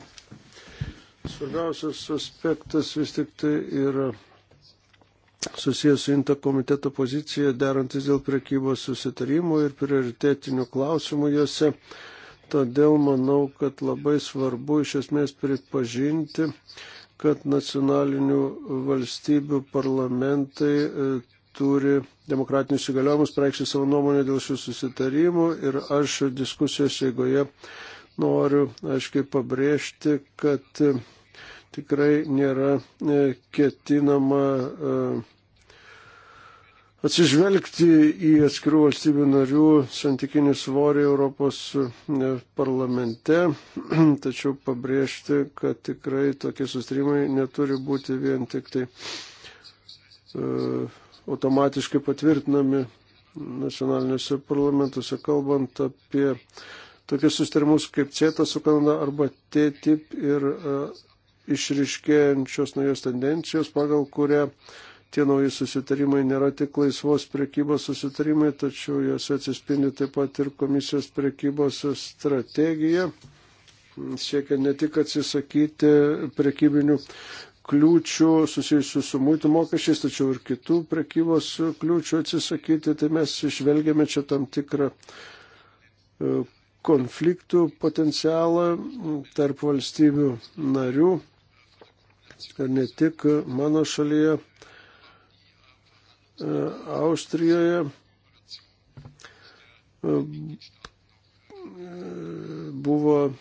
Svarbiausias aspektas vis tik tai yra susijęs su INTA komiteto pozicija, derantis dėl prekybos susitarimų ir prioritetinių klausimų juose. Todėl manau, kad labai svarbu iš esmės pripažinti, kad nacionalinių valstybių parlamentai e, turi demokratinius įgaliojimus praeikšti savo nuomonę dėl šių susitarimų ir aš diskusijos eigoje noriu aiškiai pabrėžti, kad tikrai nėra e, ketinama e, atsižvelgti į atskirų valstybių narių santykinį svorį Europos e, parlamente, tačiau pabrėžti, kad tikrai tokie sustrimai neturi būti vien tik tai automatiškai patvirtinami nacionaliniuose parlamentuose, kalbant apie tokius sustarimus kaip CETA su Kanada arba TTIP ir išriškėjančios naujos tendencijos, pagal kurią tie nauji susitarimai nėra tik laisvos prekybos susitarimai, tačiau juose atsispindi taip pat ir komisijos prekybos strategija, siekia ne tik atsisakyti prekybinių kliūčių susijusių su mūtų mokesčiais, tačiau ir kitų prekybos kliūčių atsisakyti, tai mes išvelgiame čia tam tikrą e, konfliktų potencialą tarp valstybių narių ir ne tik mano šalyje, e, Austrijoje e, buvo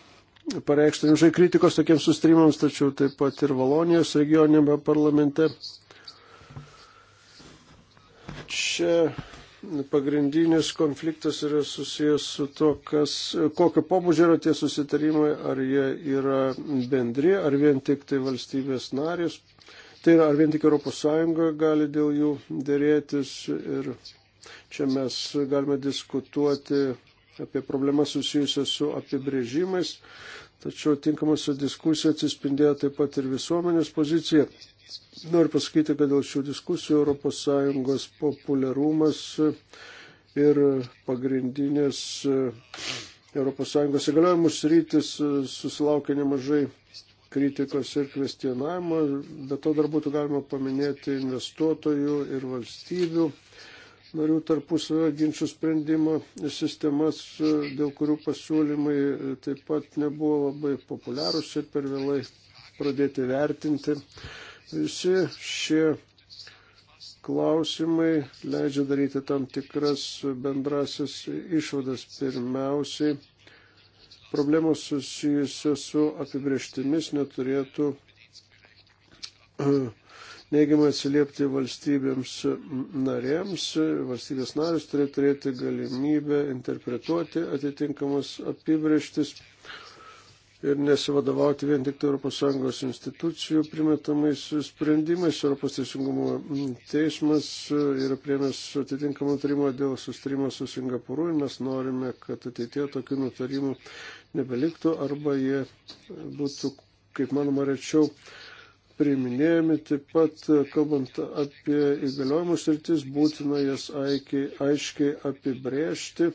pareikšta nemažai kritikos tokiems sustrimams, tačiau taip pat ir Valonijos regioninėme parlamente. Čia pagrindinis konfliktas yra susijęs su to, kas, kokio pobūdžio yra tie susitarimai, ar jie yra bendri, ar vien tik tai valstybės narės, tai yra, ar vien tik ES gali dėl jų dėrėtis ir čia mes galime diskutuoti apie problemas susijusias su apibrėžimais tačiau tinkamose diskusijose atsispindėjo taip pat ir visuomenės pozicija. Noriu pasakyti, kad dėl šių diskusijų ES populiarumas ir pagrindinės ES įgaliojimus rytis susilaukė nemažai kritikos ir kvestionavimo, bet to dar būtų galima paminėti investuotojų ir valstybių narių tarpusavio ginčių sprendimo sistemas, e, dėl kurių pasiūlymai e, taip pat nebuvo labai populiarūs ir per vėlai pradėti vertinti. Visi šie klausimai leidžia daryti tam tikras bendrasis išvadas. Pirmiausiai, problemos susijusios su apibrieštimis neturėtų e, neigiamai atsiliepti valstybėms narėms. Valstybės narius turi turėti galimybę interpretuoti atitinkamas apibrieštis ir nesivadovauti vien tik tai ES institucijų primetamais sprendimais. Europos teisingumo teismas yra priemęs atitinkamą nutarimą dėl sustarimo su Singapūru ir mes norime, kad ateitie tokių nutarimų nebeliktų arba jie būtų, kaip manoma, rečiau priminėjami. Taip pat, e, kalbant apie įgaliojimus rytis, būtina jas aikiai, aiškiai apibrėžti,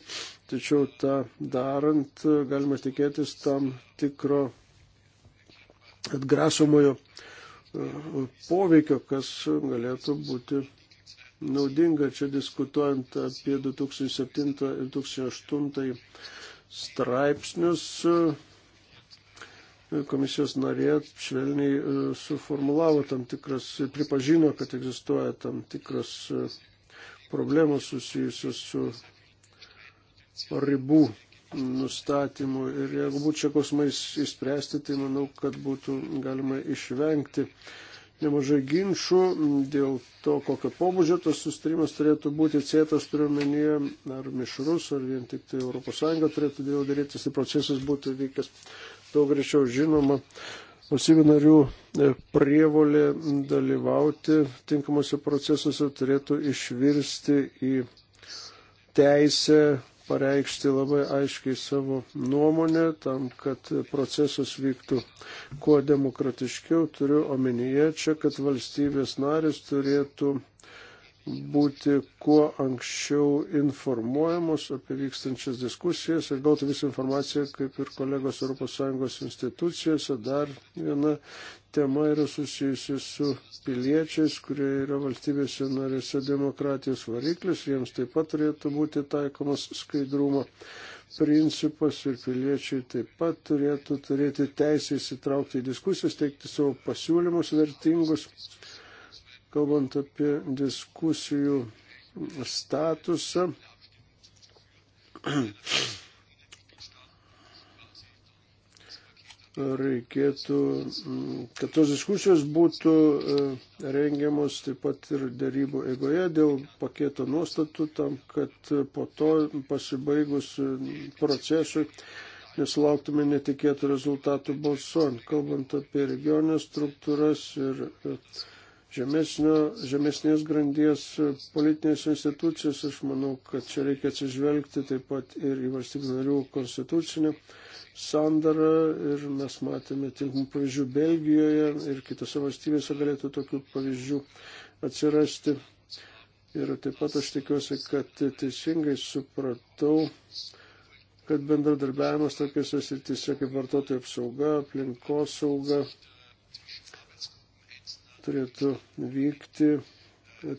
tačiau tą darant e, galima tikėtis tam tikro atgrasomojo e, poveikio, kas galėtų būti naudinga čia diskutuojant apie 2007 ir 2008 straipsnius komisijos narė švelniai e, suformulavo tam tikras, pripažino, kad egzistuoja tam tikras e, problemos susijusios su ribų nustatymu. Ir jeigu būtų čia kosmais įspręsti, tai manau, kad būtų galima išvengti nemažai ginčių dėl to, kokio pobūdžio tas sustarimas turėtų būti cėtas, turiu menyje, ar mišrus, ar vien tik tai ES turėtų dėl darytis, tai procesas būtų vykęs daug greičiau žinoma, valstybių narių e, prievolė dalyvauti tinkamuose procesuose turėtų išvirsti į teisę pareikšti labai aiškiai savo nuomonę tam, kad procesas vyktų kuo demokratiškiau. Turiu omenyje čia, kad valstybės narės turėtų būti kuo anksčiau informuojamos apie vykstančias diskusijas ir gauti visą informaciją, kaip ir kolegos ES institucijose. Dar viena tema yra susijusi su piliečiais, kurie yra valstybėse narėse demokratijos variklis. Jiems taip pat turėtų būti taikomas skaidrumo principas ir piliečiai taip pat turėtų turėti teisę įsitraukti į diskusijas, teikti savo pasiūlymus vertingus kalbant apie diskusijų statusą. Reikėtų, kad tos diskusijos būtų e, rengiamos taip pat ir darybų eigoje dėl paketo nuostatų, tam, kad po to pasibaigus procesui nesulauktume netikėtų rezultatų balsuojant, kalbant apie regionės struktūras ir, ir e, žemesnio, žemesnės grandies politinės institucijos. Aš manau, kad čia reikia atsižvelgti taip pat ir į valstybių narių konstitucinę sandarą ir mes matėme tinkamų pavyzdžių Belgijoje ir kitose valstybėse galėtų tokių pavyzdžių atsirasti. Ir taip pat aš tikiuosi, kad teisingai supratau, kad bendradarbiavimas tokiuose srityse kaip vartotojų apsauga, aplinkos sauga, turėtų vykti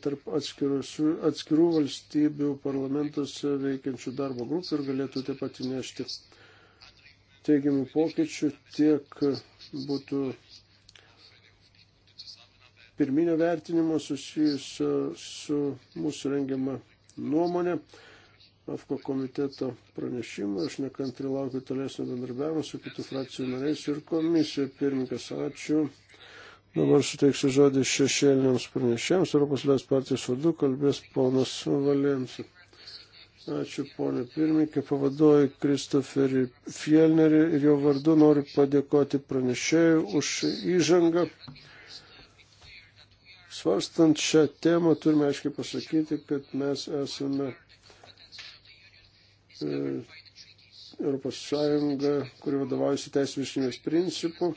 tarp atskirų valstybių parlamentuose veikiančių darbo grupų ir galėtų taip pat įnešti teigiamų pokyčių, tiek būtų pirminio vertinimo susijusio su mūsų rengiama nuomonė. AFKO komiteto pranešimą. Aš nekantri laukiu tolesnio bendradarbiavimo su kitų frakcijų nariais ir komisija. Pirmininkas, ačiū. Dabar suteiksiu žodį šešėliniams pranešėms. Europos Liaudės partijos vardu kalbės ponas Valensi. Ačiū ponė pirmininkė, pavaduoju Kristoferį Fielnerį ir jo vardu noriu padėkoti pranešėjui už įžangą. Svarstant šią temą turime aiškiai pasakyti, kad mes esame e, Europos Sąjunga, kuri vadovaujasi teisų viršinės principu.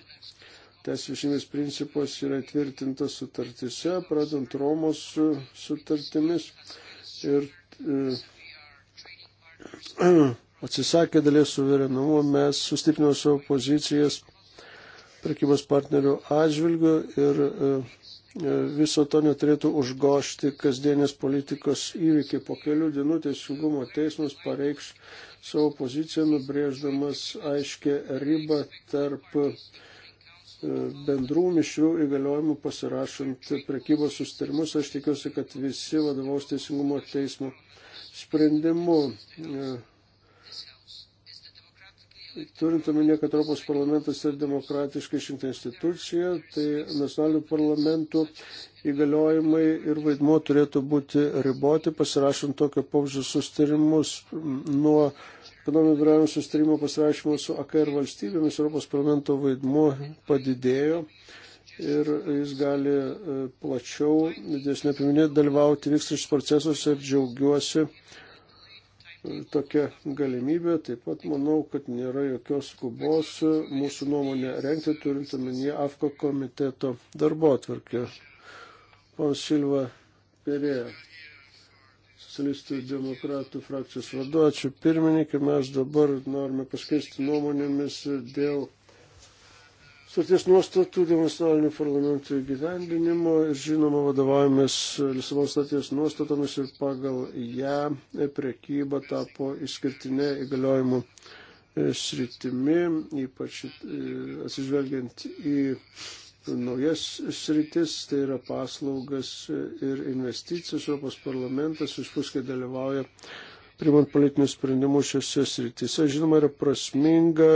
Teisės žymės principas yra tvirtintas sutartise, pradant Romos sutartimis. Ir e, atsisakę dalies suverenumo, mes sustiprinome savo pozicijas prekybos partnerių atžvilgių ir e, e, viso to neturėtų užgošti kasdienės politikos įvykiai. Po kelių dienų teisingumo teismas pareikš savo poziciją, nubrėždamas aiškę ribą tarp E, bendrų mišrių įgaliojimų pasirašant prekybos sustarimus. Aš tikiuosi, kad visi vadovaus teisingumo teismo sprendimu. E, turint omenyje, kad Europos parlamentas yra demokratiškai išrinkta institucija, tai nacionalinių parlamentų įgaliojimai ir vaidmuo turėtų būti riboti, pasirašant tokio pavyzdžio sustarimus nuo uh, ekonominio bendravimo sustarimo pasirašymo su AKR valstybėmis Europos parlamento vaidmuo padidėjo ir jis gali e, plačiau, didesnė piminė, dalyvauti vykstančius procesuose ir džiaugiuosi e, tokia galimybė. Taip pat manau, kad nėra jokios skubos e, mūsų nuomonę renkti, turint omenyje AFKO komiteto darbo atvarkę. Pons Silva Perėjo socialistų ir demokratų frakcijos vadu. Ačiū pirmininkė, mes dabar norime paskirsti nuomonėmis dėl sutarties nuostatų dėl nacionalinių parlamentų įgyvendinimo ir žinoma vadovavimės Lisabonos sutarties nuostatomis ir pagal ją priekyba tapo išskirtinė įgaliojimų e, sritimi, ypač e, atsižvelgiant į naujas sritis, tai yra paslaugas ir investicijas. Europos parlamentas išpuskai dalyvauja primant politinius sprendimus šiose sritise. Žinoma, yra prasminga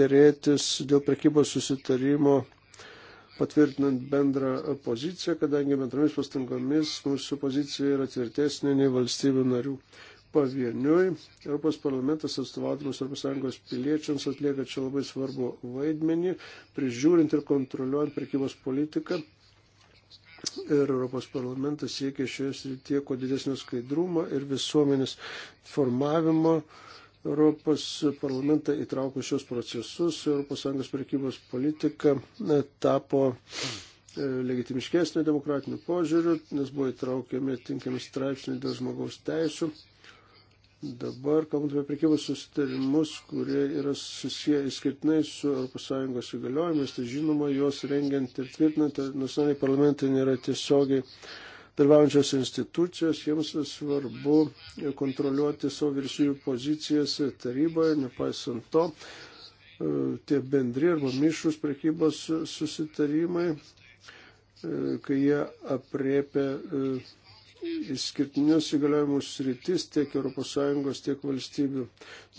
dėrėtis dėl prekybos susitarimo patvirtinant bendrą poziciją, kadangi bendromis pastangomis mūsų pozicija yra tvirtesnė nei valstybių narių pavieniui. Europos parlamentas atstovaudamas ES piliečiams atlieka čia labai svarbu vaidmenį, prižiūrint ir kontroliuojant prekybos politiką. Ir Europos parlamentas siekia šioje srityje kuo didesnio skaidrumo ir visuomenės formavimo. Europos parlamentą įtraukus šios procesus, ES prekybos politika e, tapo e, legitimiškesnė demokratiniu požiūriu, nes buvo įtraukiami tinkami straipsniai dėl žmogaus teisų Dabar, kalbant apie prekybos sustarimus, kurie yra susiję įskirtinai su ES įgaliojimais, tai žinoma, juos rengiant ir tvirtinant, tai nacionaliniai parlamentai nėra tiesiogiai dalyvaujančios institucijos, jiems svarbu kontroliuoti savo viršijų pozicijas taryboje, nepaisant to, e, tie bendri arba mišrus prekybos susitarimai, e, kai jie apriepia e, išskirtinius įgaliojimus sritis tiek ES, tiek valstybių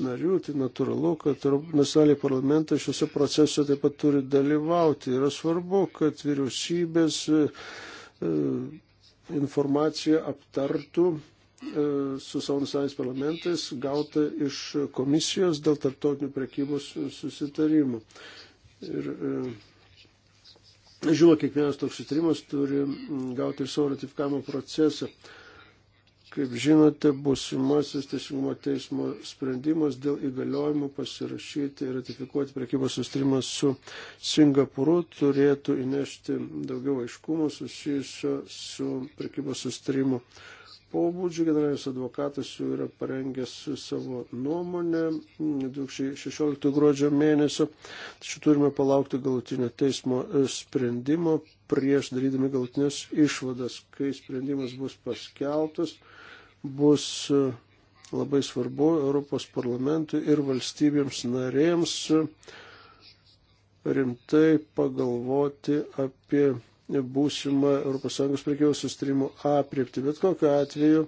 narių, tai natūralu, kad nacionaliai parlamentai šiuose procesuose taip pat turi dalyvauti. Yra svarbu, kad vyriausybės e, e, informaciją aptartų e, su savo nacionaliniais parlamentais gauta iš komisijos dėl tarptautinių prekybos susitarimų. Ir, Žinoma, kiekvienas toks sutarimas turi mm, gauti ir savo ratifikavimo procesą. Kaip žinote, busimasis teisingumo teismo sprendimas dėl įgaliojimų pasirašyti ir ratifikuoti prekybos sustarimą su Singapūru turėtų įnešti daugiau aiškumo susijusio su prekybos sustarimu pobūdžių. Generalinis advokatas jau yra parengęs savo nuomonę 16 mm, gruodžio mėnesio. Tačiau turime palaukti galutinio teismo e, sprendimo prieš darydami galutinės išvadas. Kai sprendimas bus paskeltas, bus e, labai svarbu Europos parlamentui ir valstybėms narėms e, rimtai pagalvoti apie būsimą ES prekybos sustarimų apriepti. Bet kokiu atveju,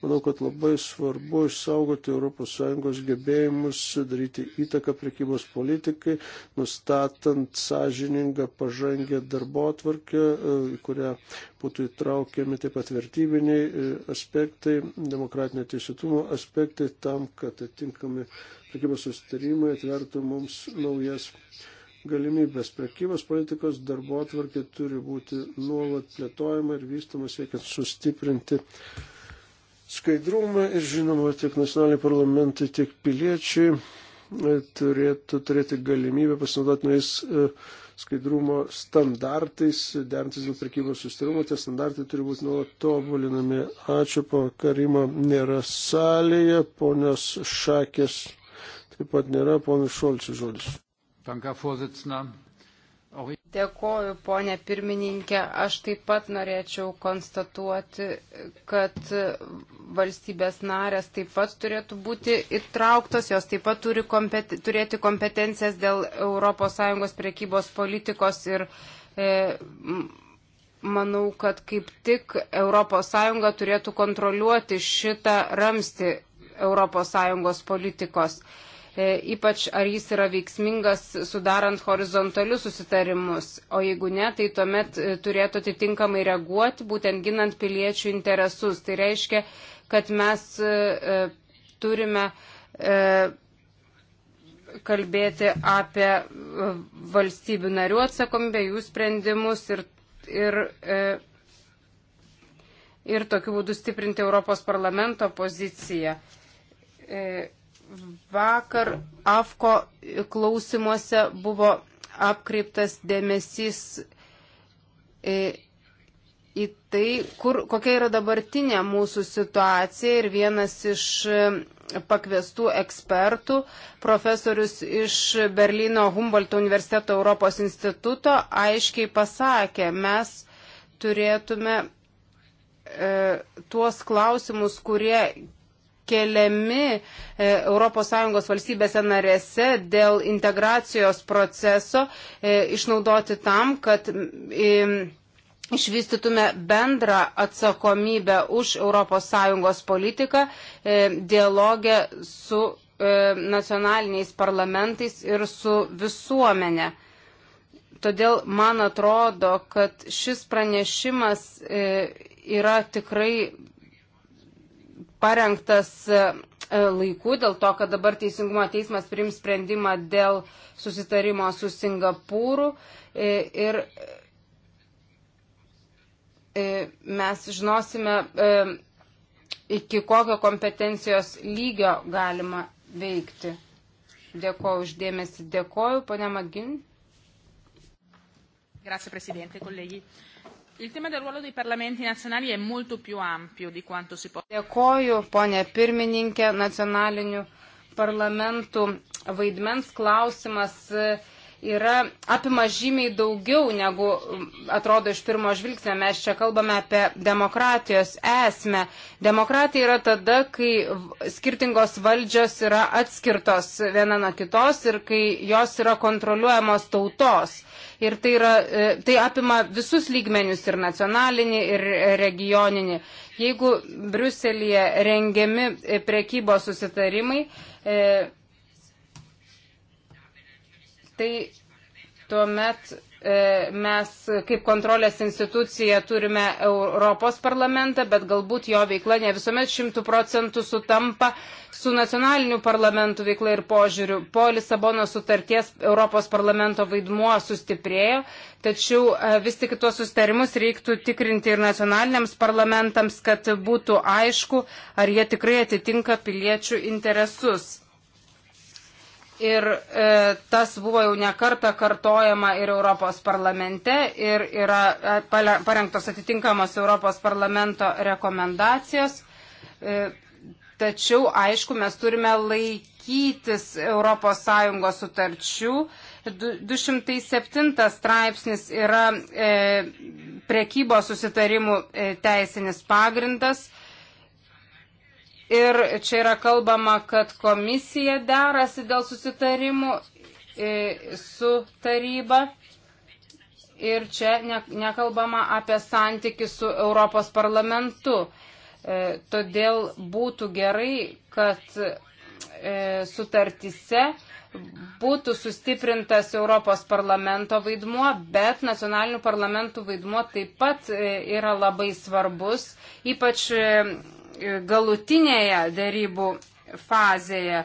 manau, kad labai svarbu išsaugoti ES gebėjimus, daryti įtaką prekybos politikai, nustatant sąžiningą pažangę darbo atvarkę, e, į kurią būtų įtraukiami taip pat vertybiniai e, aspektai, demokratinio teisėtumo aspektai tam, kad atitinkami prekybos sustarimai atvertų mums naujas galimybės. Prekybos politikos darbo atvarkė turi būti nuolat plėtojama ir vystoma siekiant sustiprinti skaidrumą ir žinoma tiek nacionaliniai parlamentai, tiek piliečiai e, turėtų turėti galimybę pasinaudoti nais e, skaidrumo standartais, derintis dėl prekybos sustarimo, tie standartai turi būti nuolat tobulinami. Ačiū, po Karimo nėra salėje, ponios Šakės taip pat nėra, ponas Šolčių žodis. Dėkoju, ponė pirmininkė. Aš taip pat norėčiau konstatuoti, kad valstybės narės taip pat turėtų būti įtrauktos, jos taip pat turi kompeti turėti kompetencijas dėl ES priekybos politikos ir e, manau, kad kaip tik ES turėtų kontroliuoti šitą ramsti ES politikos. E, E, ypač ar jis yra veiksmingas sudarant horizontalius susitarimus, o jeigu ne, tai tuomet e, turėtų atitinkamai reaguoti, būtent ginant piliečių interesus. Tai reiškia, kad mes e, turime kalbėti apie valstybių narių atsakomybę, jų sprendimus ir, ir, ir tokiu būdu stiprinti Europos parlamento poziciją. Vakar AFKO klausimuose buvo apkreiptas dėmesys e, į tai, kur, kokia yra dabartinė mūsų situacija ir vienas iš e, pakviestų ekspertų, profesorius iš Berlyno Humboldto universiteto Europos instituto, aiškiai pasakė, mes turėtume e, tuos klausimus, kurie keliami ES valstybėse narėse dėl integracijos proceso e, išnaudoti tam, kad e, išvystytume bendrą atsakomybę už ES politiką e, dialogę su nacionaliniais parlamentais ir su visuomenė. Todėl man atrodo, kad šis pranešimas yra tikrai parengtas e, e, laiku, dėl to, kad dabar Teisingumo teismas priims sprendimą dėl susitarimo su Singapūru. E, ir mes žinosime, iki kokio kompetencijos lygio galima veikti. Dėkoju uždėmesi, dėkoju, ponia Magin. Grazie, prezidentė, kolegijai. Il tema del ruolo dei parlamenti nazionali è molto più ampio di quanto si possa. Dėkoju, ponė pirmininkė, nacionalinių parlamentų vaidmens klausimas. Uh, yra apima žymiai daugiau negu atrodo iš pirmo žvilgsnio. Mes čia kalbame apie demokratijos esmę. Demokratija yra tada, kai skirtingos valdžios yra atskirtos viena nuo kitos ir kai jos yra kontroliuojamos tautos. Ir tai, yra, e, tai apima visus lygmenius ir nacionalinį, ir regioninį. Jeigu Briuselėje rengiami e, prekybos susitarimai, e, tai tuomet e, mes kaip kontrolės institucija turime Europos parlamentą, bet galbūt jo veikla ne visuomet šimtų procentų sutampa su nacionaliniu parlamentu veikla ir požiūriu. Po Lisabono sutarties Europos parlamento vaidmuo sustiprėjo, tačiau e, vis tik tuos sustarimus reiktų tikrinti ir nacionaliniams parlamentams, kad būtų aišku, ar jie tikrai atitinka piliečių interesus. Ir e, tas buvo jau nekarta kartojama ir Europos parlamente ir yra e, pale, parengtos atitinkamos Europos parlamento rekomendacijos. E, tačiau, aišku, mes turime laikytis ES sutarčių. 207 straipsnis yra e, prekybos susitarimų e, teisinis pagrindas. Ir čia yra kalbama, kad komisija derasi dėl susitarimų e, su taryba. Ir čia nekalbama apie santyki su Europos parlamentu. E, todėl būtų gerai, kad e, sutartise būtų sustiprintas Europos parlamento vaidmuo, bet nacionalinių parlamentų vaidmuo taip pat yra labai svarbus, ypač galutinėje darybų fazėje.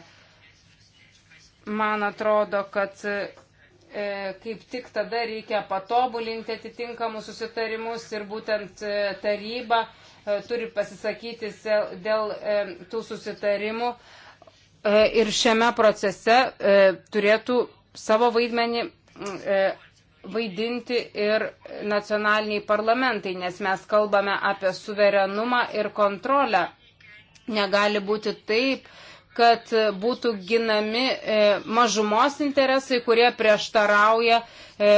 Man atrodo, kad e, kaip tik tada reikia patobulinti atitinkamus susitarimus ir būtent e, taryba e, turi pasisakyti dėl tų susitarimų ir šiame procese turėtų savo vaidmenį vaidinti ir nacionaliniai parlamentai, nes mes kalbame apie suverenumą ir kontrolę. Negali būti taip, kad būtų ginami e, mažumos interesai, kurie prieštarauja e,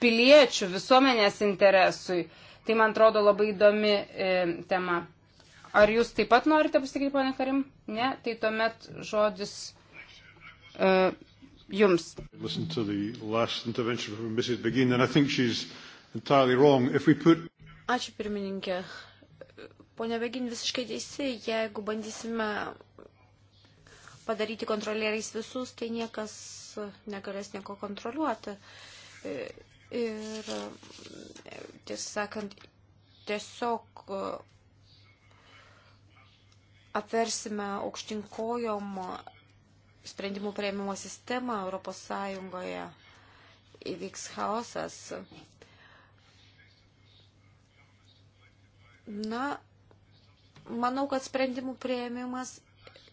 piliečių, visuomenės interesui. Tai man atrodo labai įdomi e, tema. Ar jūs taip pat norite pasakyti, ponė Karim? Ne, tai tuomet žodis jums. Ačiū pirmininkė. Pone Begin visiškai teisi, jeigu bandysime padaryti kontrolieriais visus, tai niekas negalės nieko kontroliuoti. Ir tiesą sakant, tiesiog apversime aukštinkojom sprendimų prieimimo sistemą Europos Sąjungoje įvyks chaosas. Na, manau, kad sprendimų prieimimas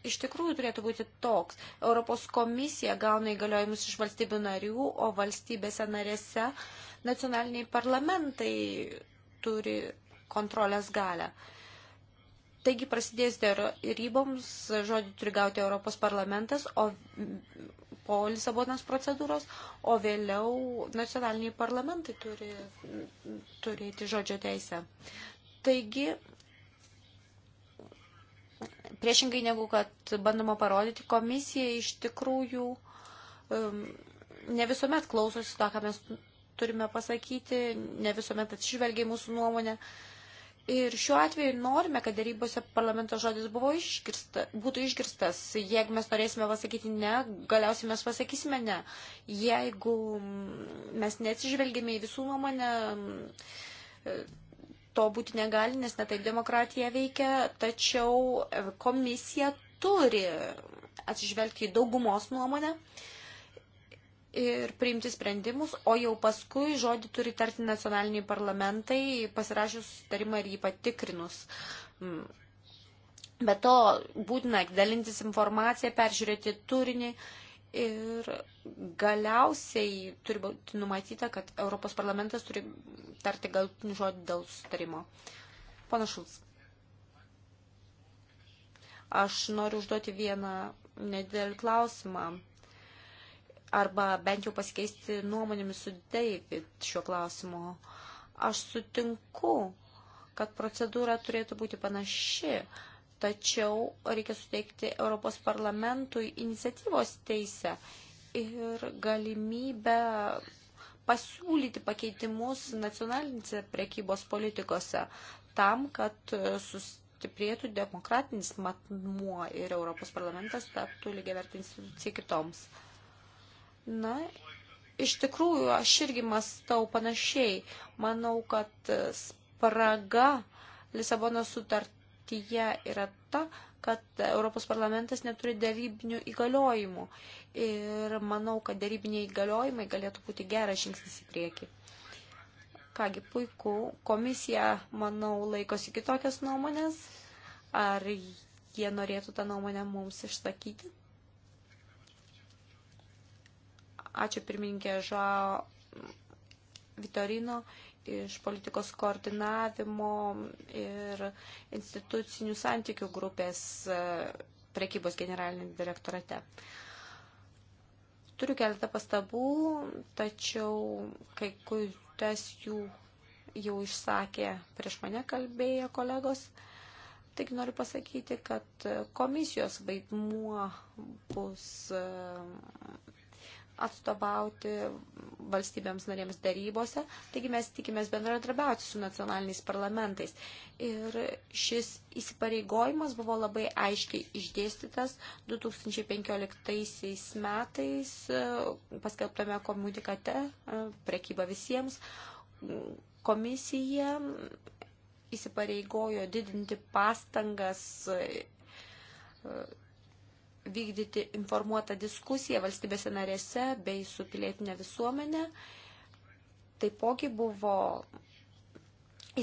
iš tikrųjų turėtų būti toks. Europos komisija gauna įgaliojimus iš valstybių narių, o valstybėse narėse nacionaliniai parlamentai turi kontrolės galę. Taigi prasidėjus ryboms žodį turi gauti Europos parlamentas o, po Lisabonos procedūros, o vėliau nacionaliniai parlamentai turi turėti žodžio teisę. Taigi, priešingai negu kad bandoma parodyti, komisija iš tikrųjų um, ne visuomet klausosi to, ką mes turime pasakyti, ne visuomet atsižvelgia į mūsų nuomonę. Uh, Ir šiuo atveju norime, kad darybose parlamento žodis buvo išgirsta, būtų išgirstas. Jeigu mes norėsime pasakyti ne, galiausiai mes pasakysime ne. Jeigu mes neatsižvelgėme į visų nuomonę, to būti negali, nes netaip demokratija veikia, tačiau komisija turi atsižvelgti į daugumos nuomonę. Uh, ir priimti sprendimus, o jau paskui žodį turi tarti nacionaliniai parlamentai, pasirašius sutarimą ir jį patikrinus. Mm. Be to, būtina dalintis informaciją, peržiūrėti turinį ir galiausiai turi būti numatyta, kad Europos parlamentas turi tarti galutinį žodį dėl sutarimo. Pana Šulc. Aš noriu užduoti vieną nedidelį klausimą arba bent jau pasikeisti nuomonėmis su David šiuo klausimu. Aš sutinku, kad procedūra turėtų būti panaši, tačiau reikia suteikti Europos parlamentui iniciatyvos teisę ir galimybę pasiūlyti pakeitimus nacionalinėse prekybos politikose tam, kad sustiprėtų demokratinis matmuo ir Europos parlamentas taptų lygiavertį instituciją kitoms Na, iš tikrųjų, aš irgi mastau panašiai. Manau, kad spraga Lisabono sutartyje yra ta, kad Europos parlamentas neturi darybinių įgaliojimų. Ir manau, kad darybiniai įgaliojimai galėtų būti geras žingsnis į priekį. Kągi, puiku. Komisija, manau, laikosi kitokios nuomonės. Ar jie norėtų tą nuomonę mums išsakyti? Ačiū pirmininkė Žao Vitorino iš politikos koordinavimo ir institucinių santykių grupės e, prekybos generalinė direktorate. Turiu keletą pastabų, tačiau kai kurias jų jau išsakė prieš mane kalbėję kolegos. Taigi noriu pasakyti, kad komisijos vaidmuo bus e, atstovauti valstybėms narėms darybose, taigi mes tikimės bendradarbiauti su nacionaliniais parlamentais. Ir šis įsipareigojimas buvo labai aiškiai išdėstytas 2015 metais e, paskelbtame komunikate e, prekyba visiems. Komisija įsipareigojo didinti pastangas e, vykdyti informuotą diskusiją valstybėse narėse bei su pilietinė visuomenė. Taipogi buvo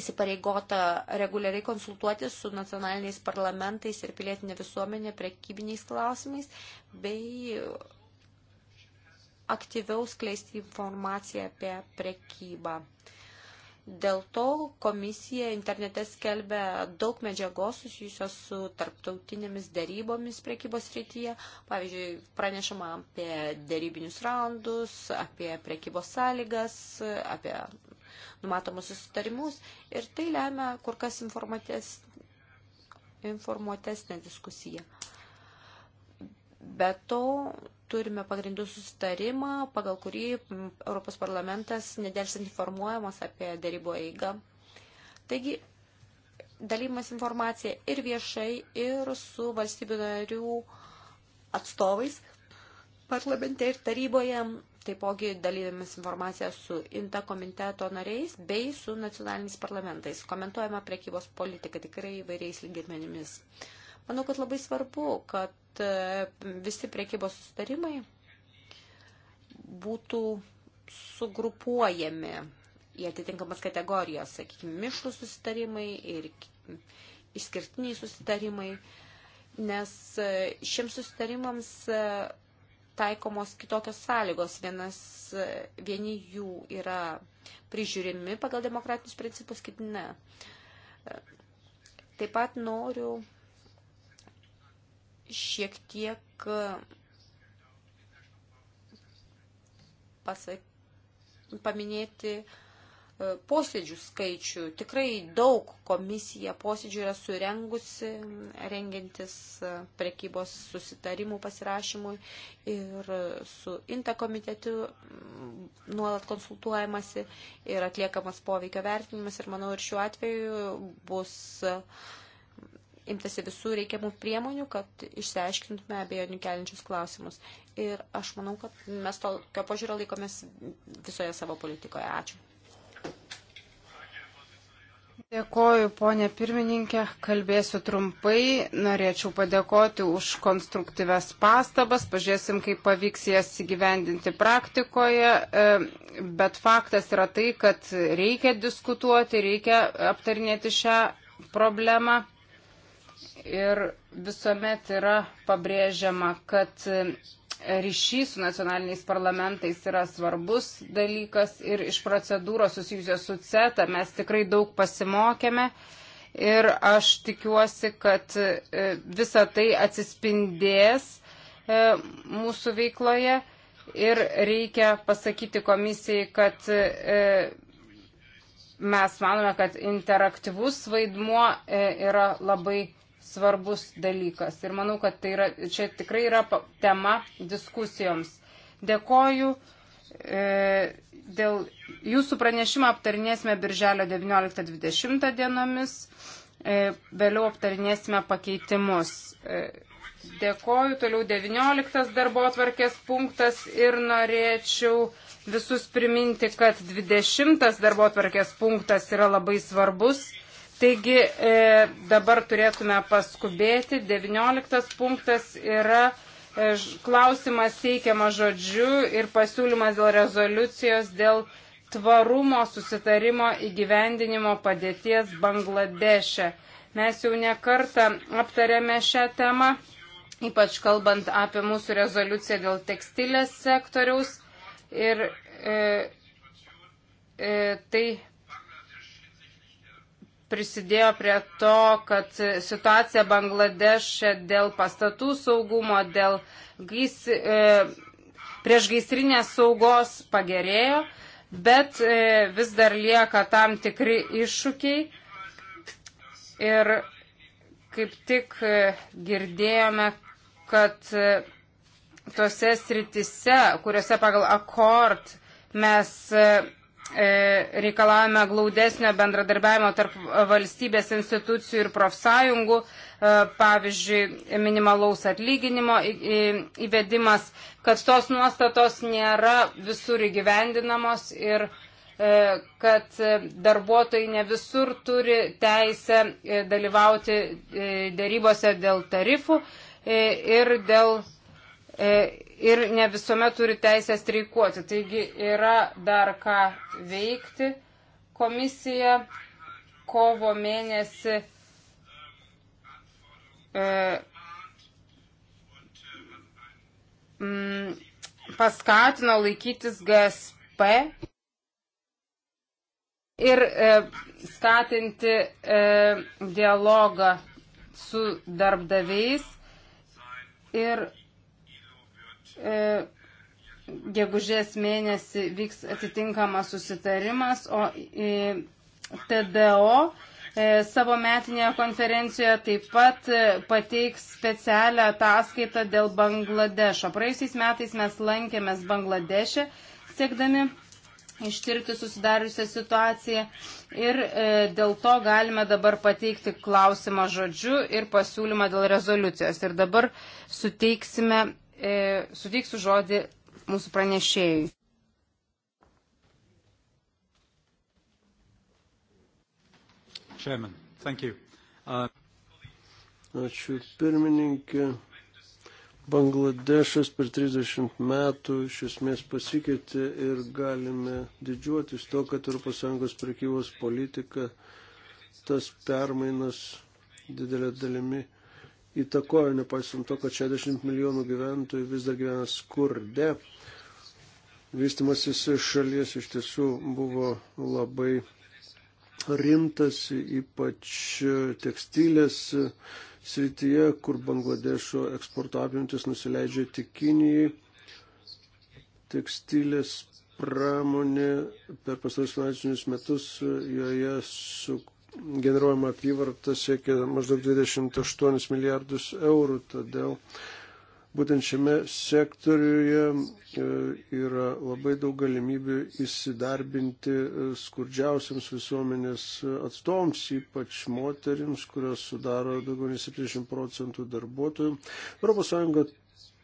įsipareigota reguliariai konsultuoti su nacionaliniais parlamentais ir pilietinė visuomenė prekybiniais klausimais bei aktyviau skleisti informaciją apie prekybą. Dėl to komisija internete skelbia daug medžiagos susijusios su tarptautinėmis dėrybomis prekybos rytyje. Pavyzdžiui, pranešama apie dėrybinius raundus, apie prekybos sąlygas, apie numatomus susitarimus. Ir tai lemia kur kas informuotesnė diskusija. Be to, turime pagrindų susitarimą, pagal kurį Europos parlamentas nedėlsint informuojamas apie darybų eigą. Taigi, dalymas informacija ir viešai, ir su valstybių narių atstovais parlamente ir taryboje, taipogi dalydamas informaciją su INTA komiteto nariais bei su nacionaliniais parlamentais. Komentuojama prekybos politika tikrai įvairiais lygmenimis. Manau, kad labai svarbu, kad E, visi priekybos sustarimai būtų sugrupuojami į atitinkamas kategorijas, sakykime, mišrų susitarimai ir išskirtiniai susitarimai, nes e, šiems susitarimams e, taikomos kitokios sąlygos. Vienas, vieni jų yra prižiūrimi pagal demokratinius principus, kiti ne. Taip pat noriu šiek tiek e, pasak, paminėti e, posėdžių skaičių. Tikrai daug komisija posėdžių yra surengusi, rengiantis e, prekybos susitarimų pasirašymui ir su INTA komitetu nuolat konsultuojamasi ir atliekamas poveikio vertinimas ir manau ir šiuo atveju bus uh, imtasi visų reikiamų priemonių, kad išsiaiškintume abejonių keliančius klausimus. Ir aš manau, kad mes tokio požiūrio laikomės visoje savo politikoje. Ačiū. Dėkoju, ponė pirmininkė, kalbėsiu trumpai. Norėčiau padėkoti už konstruktyves pastabas, pažiūrėsim, kaip pavyks jas įgyvendinti praktikoje, e, bet faktas yra tai, kad reikia diskutuoti, reikia aptarinėti šią problemą ir visuomet yra pabrėžiama, kad ryšys su nacionaliniais parlamentais yra svarbus dalykas ir iš procedūros susijusios su CETA mes tikrai daug pasimokėme. Ir aš tikiuosi, kad e, visa tai atsispindės e, mūsų veikloje. Ir reikia pasakyti komisijai, kad e, mes manome, kad interaktyvus vaidmuo yra labai svarbus dalykas. Ir manau, kad tai yra, čia tikrai yra tema diskusijoms. Dėkoju. E, dėl jūsų pranešimą aptarinėsime birželio 19-20 dienomis. E, vėliau aptarinėsime pakeitimus. E, Dėkoju. Toliau 19 darbo atvarkės punktas ir norėčiau visus priminti, kad 20 darbo atvarkės punktas yra labai svarbus. Taigi e, dabar turėtume paskubėti. 19 punktas yra e, klausimas teikiamas žodžiu ir pasiūlymas dėl rezoliucijos dėl tvarumo susitarimo įgyvendinimo padėties Bangladeše. Mes jau nekartą aptarėme šią temą, ypač kalbant apie mūsų rezoliuciją dėl tekstilės sektoriaus. Ir e, e, tai prisidėjo prie to, kad situacija Bangladeše dėl pastatų saugumo, dėl gais, e, priešgaisrinės saugos pagerėjo, bet e, vis dar lieka tam tikri iššūkiai. Ir kaip tik e, girdėjome, kad e, tose sritise, kuriuose pagal akord mes e, E, reikalavome glaudesnio bendradarbiavimo tarp valstybės institucijų ir profsąjungų, e, pavyzdžiui, minimalaus atlyginimo įvedimas, kad tos nuostatos nėra visur įgyvendinamos ir e, kad darbuotojai ne visur turi teisę dalyvauti dėrybose dėl tarifų ir dėl E, ir ne visuomet turi teisę streikuoti. Taigi yra dar ką veikti. Komisija kovo mėnesį e, m, mm, paskatino laikytis GSP ir e, skatinti e, dialogą su darbdaviais ir E, gegužės mėnesį vyks atitinkamas susitarimas, o TDO e, savo metinėje konferencijoje taip pat e, pateiks specialią ataskaitą dėl Bangladešo. Praėjusiais metais mes lankėmės Bangladešė, siekdami ištirti susidariusią situaciją ir e, dėl to galime dabar pateikti klausimą žodžiu ir pasiūlymą dėl rezoliucijos. Ir dabar suteiksime e, suteiksiu žodį mūsų pranešėjui. Chairman, thank you. Uh... Ačiū pirmininkė. Bangladešas per 30 metų iš esmės pasikeitė ir galime didžiuotis to, kad ES prekybos politika tas permainas didelė dalimi įtakojo, nepaisant to, kad 60 milijonų gyventojų vis dar gyvena skurde. Vystimasis šalies iš tiesų buvo labai rimtas, ypač tekstilės srityje, kur Bangladešo eksporto apimtis nusileidžia tik Kinijai. Tekstilės pramonė per pastarus finansinius metus joje su generuojama apyvarta siekia maždaug 28 milijardus eurų, todėl būtent šiame sektoriuje e, yra labai daug galimybių įsidarbinti e, skurdžiausiams visuomenės atstovams, ypač moteriams, kurios sudaro daugiau nei 70 procentų darbuotojų. ES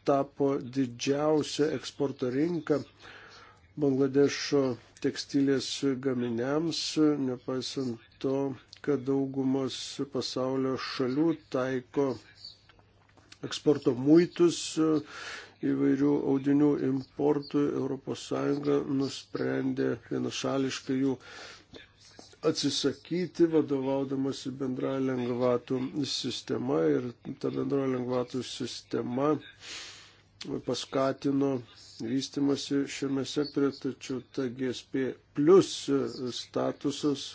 tapo didžiausia eksporto rinka Bangladešo tekstilės gaminiams, nepaisant to, kad daugumas pasaulio šalių taiko eksporto muitus e, įvairių audinių importų. ES nusprendė vienašališkai jų atsisakyti, vadovaudamasi bendra lengvatų sistema ir ta bendra lengvatų sistema paskatino vystimasi šiame sektoriu, tačiau ta GSP plus statusas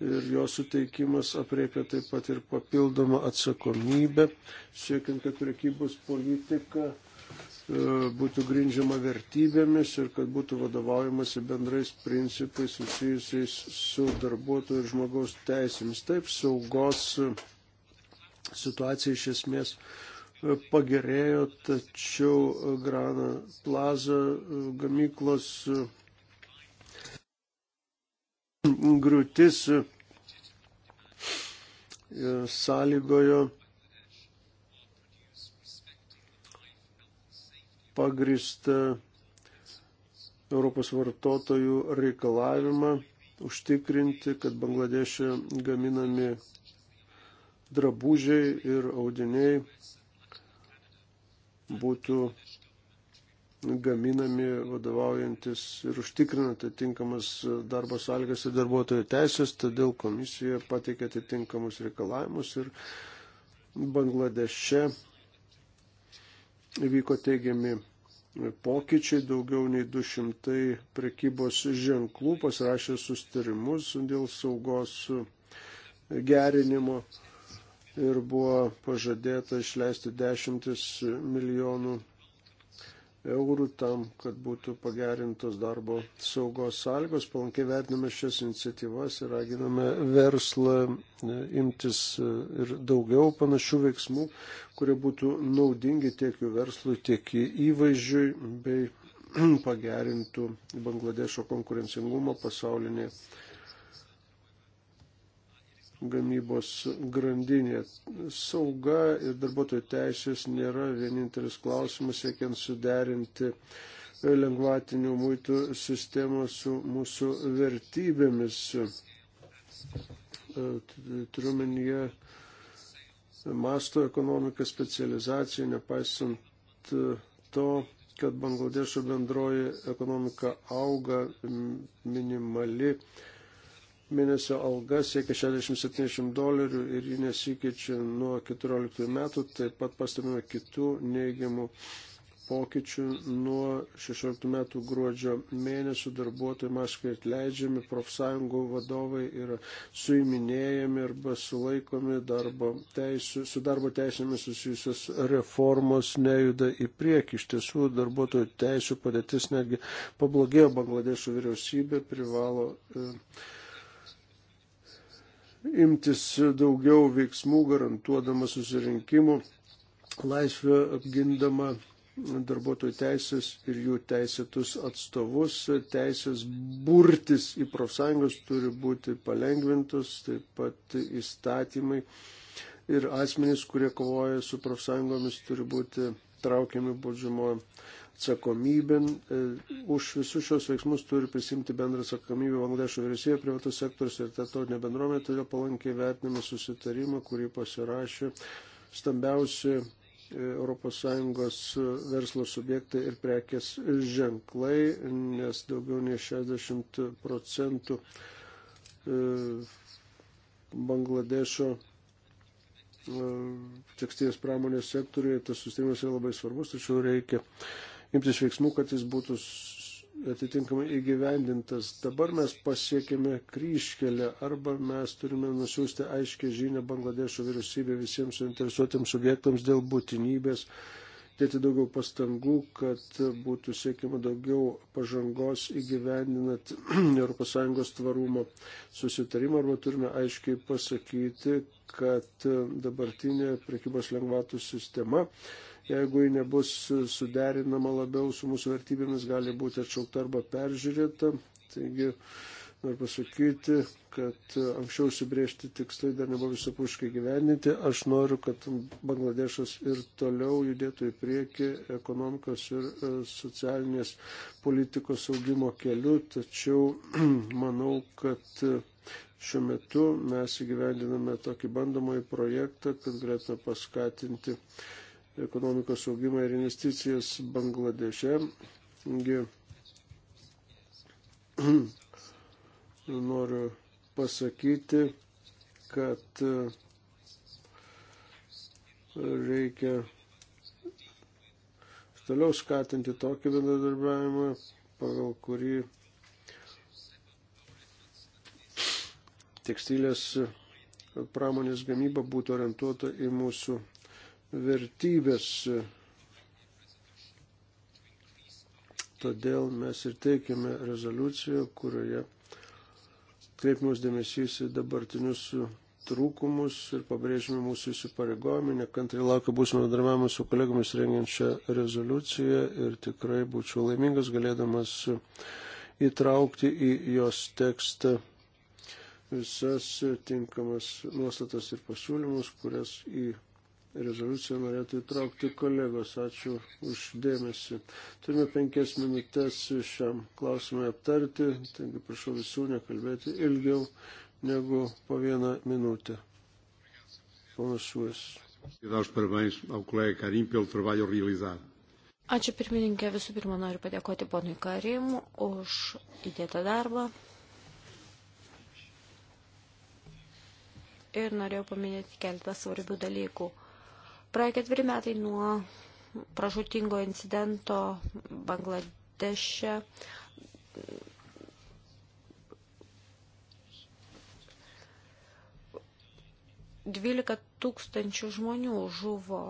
ir jo suteikimas apreipia taip pat ir papildomą atsakomybę, siekiant, kad priekybos politika e, būtų grindžiama vertybėmis ir kad būtų vadovaujamasi bendrais principais susijusiais su darbuotojų ir žmogaus teisėmis. Taip, saugos situacija iš esmės e, pagerėjo, tačiau Grana Plaza e, gamyklos grūtis e, sąlygojo pagristą Europos vartotojų reikalavimą užtikrinti, kad Bangladešė gaminami drabužiai ir audiniai būtų gaminami vadovaujantis ir užtikrinant atitinkamas darbo sąlygas ir darbuotojų teisės, todėl komisija pateikė atitinkamus reikalavimus ir Bangladeše vyko teigiami pokyčiai, daugiau nei 200 prekybos ženklų pasirašė sustarimus dėl saugos gerinimo ir buvo pažadėta išleisti dešimtis milijonų eurų tam, kad būtų pagerintos darbo saugos sąlygos. Palankiai vertiname šias iniciatyvas ir raginame verslą e, imtis e, ir daugiau panašių veiksmų, kurie būtų naudingi tiek jų verslui, tiek įvaizdžiui bei pagerintų Bangladešo konkurencingumą pasaulinėje gamybos grandinė. Sauga ir darbuotojų teisės nėra vienintelis klausimas, siekiant suderinti lengvatinių muitų sistemą su mūsų vertybėmis. E, turiuomenyje masto ekonomika specializacija, nepaisant e, to, kad Bangladešo bendroji ekonomika auga minimali mėnesio alga siekia 60-70 dolerių ir ji nesikeičia nuo 14 metų. Taip pat pastebime kitų neigiamų pokyčių nuo 16 metų gruodžio mėnesio darbuotojai maškai atleidžiami, profsąjungų vadovai yra suiminėjami arba sulaikomi darbo teisų, su darbo teisėmis susijusios reformos nejuda į priekį. Iš tiesų darbuotojų teisų padėtis netgi pablogėjo Bangladešo vyriausybė, privalo e, imtis daugiau veiksmų, garantuodama susirinkimų laisvę, apgindama darbuotojų teisės ir jų teisėtus atstovus. Teisės burtis į profsąjungos turi būti palengvintos, taip pat įstatymai ir asmenys, kurie kovoja su profsąjungomis, turi būti traukiami baudžiamojo atsakomybė. E, už visus šios veiksmus turi prisimti bendrą atsakomybę Bangladešo vyriausybė, privatus sektorius ir tarptautinė bendruomenė, todėl palankiai vertiname susitarimą, kurį pasirašė stambiausi ES verslo subjektai ir prekės ženklai, nes daugiau nei 60 procentų e, Bangladešo e, tekstilės pramonės sektoriuje tas sustimas yra labai svarbus, tačiau reikia imtis veiksmų, kad jis būtų atitinkamai įgyvendintas. Dabar mes pasiekėme kryškelę arba mes turime nusiųsti aiškę žinę Bangladešo vyriausybė visiems suinteresuotiems subjektams dėl būtinybės dėti daugiau pastangų, kad būtų siekiama daugiau pažangos įgyvendinant ES tvarumo susitarimą arba turime aiškiai pasakyti, kad dabartinė prekybos lengvatų sistema jeigu ji nebus suderinama labiau su mūsų vertybėmis, gali būti atšaukta arba peržiūrėta. Taigi, noriu pasakyti, kad anksčiau užsibriežti tikslai dar nebuvo visapuškai gyveninti. Aš noriu, kad Bangladešas ir toliau judėtų į priekį ekonomikos ir e, socialinės politikos augimo keliu, tačiau manau, kad e, šiuo metu mes įgyvendiname tokį bandomąjį projektą, kad galėtume paskatinti ekonomikos augimą ir investicijas Bangladeše. Noriu pasakyti, kad e, reikia toliau skatinti tokį bendradarbiavimą, pagal kurį tekstilės pramonės gamyba būtų orientuota į mūsų vertybės. Todėl mes ir teikiame rezoliuciją, kurioje kreipimus dėmesys į dabartinius trūkumus ir pabrėžime mūsų įsipareigojimą, nekantrai laukia būsimo bendravimo su kolegomis rengiančią rezoliuciją ir tikrai būčiau laimingas galėdamas įtraukti į jos tekstą visas tinkamas nuostatas ir pasiūlymus, kurias į rezoliuciją norėtų įtraukti kolegos. Ačiū už dėmesį. Turime penkias minutės šiam klausimui aptarti, taigi prašau visų nekalbėti ilgiau negu po vieną minutę. Ponas Šuės. Ačiū pirmininkė, visų pirma noriu padėkoti ponui Karim už įdėtą darbą. Ir norėjau paminėti keletą svarbių dalykų. Praėjo ketveri metai nuo pražutingo incidento Bangladeše. Dvylika tūkstančių žmonių žuvo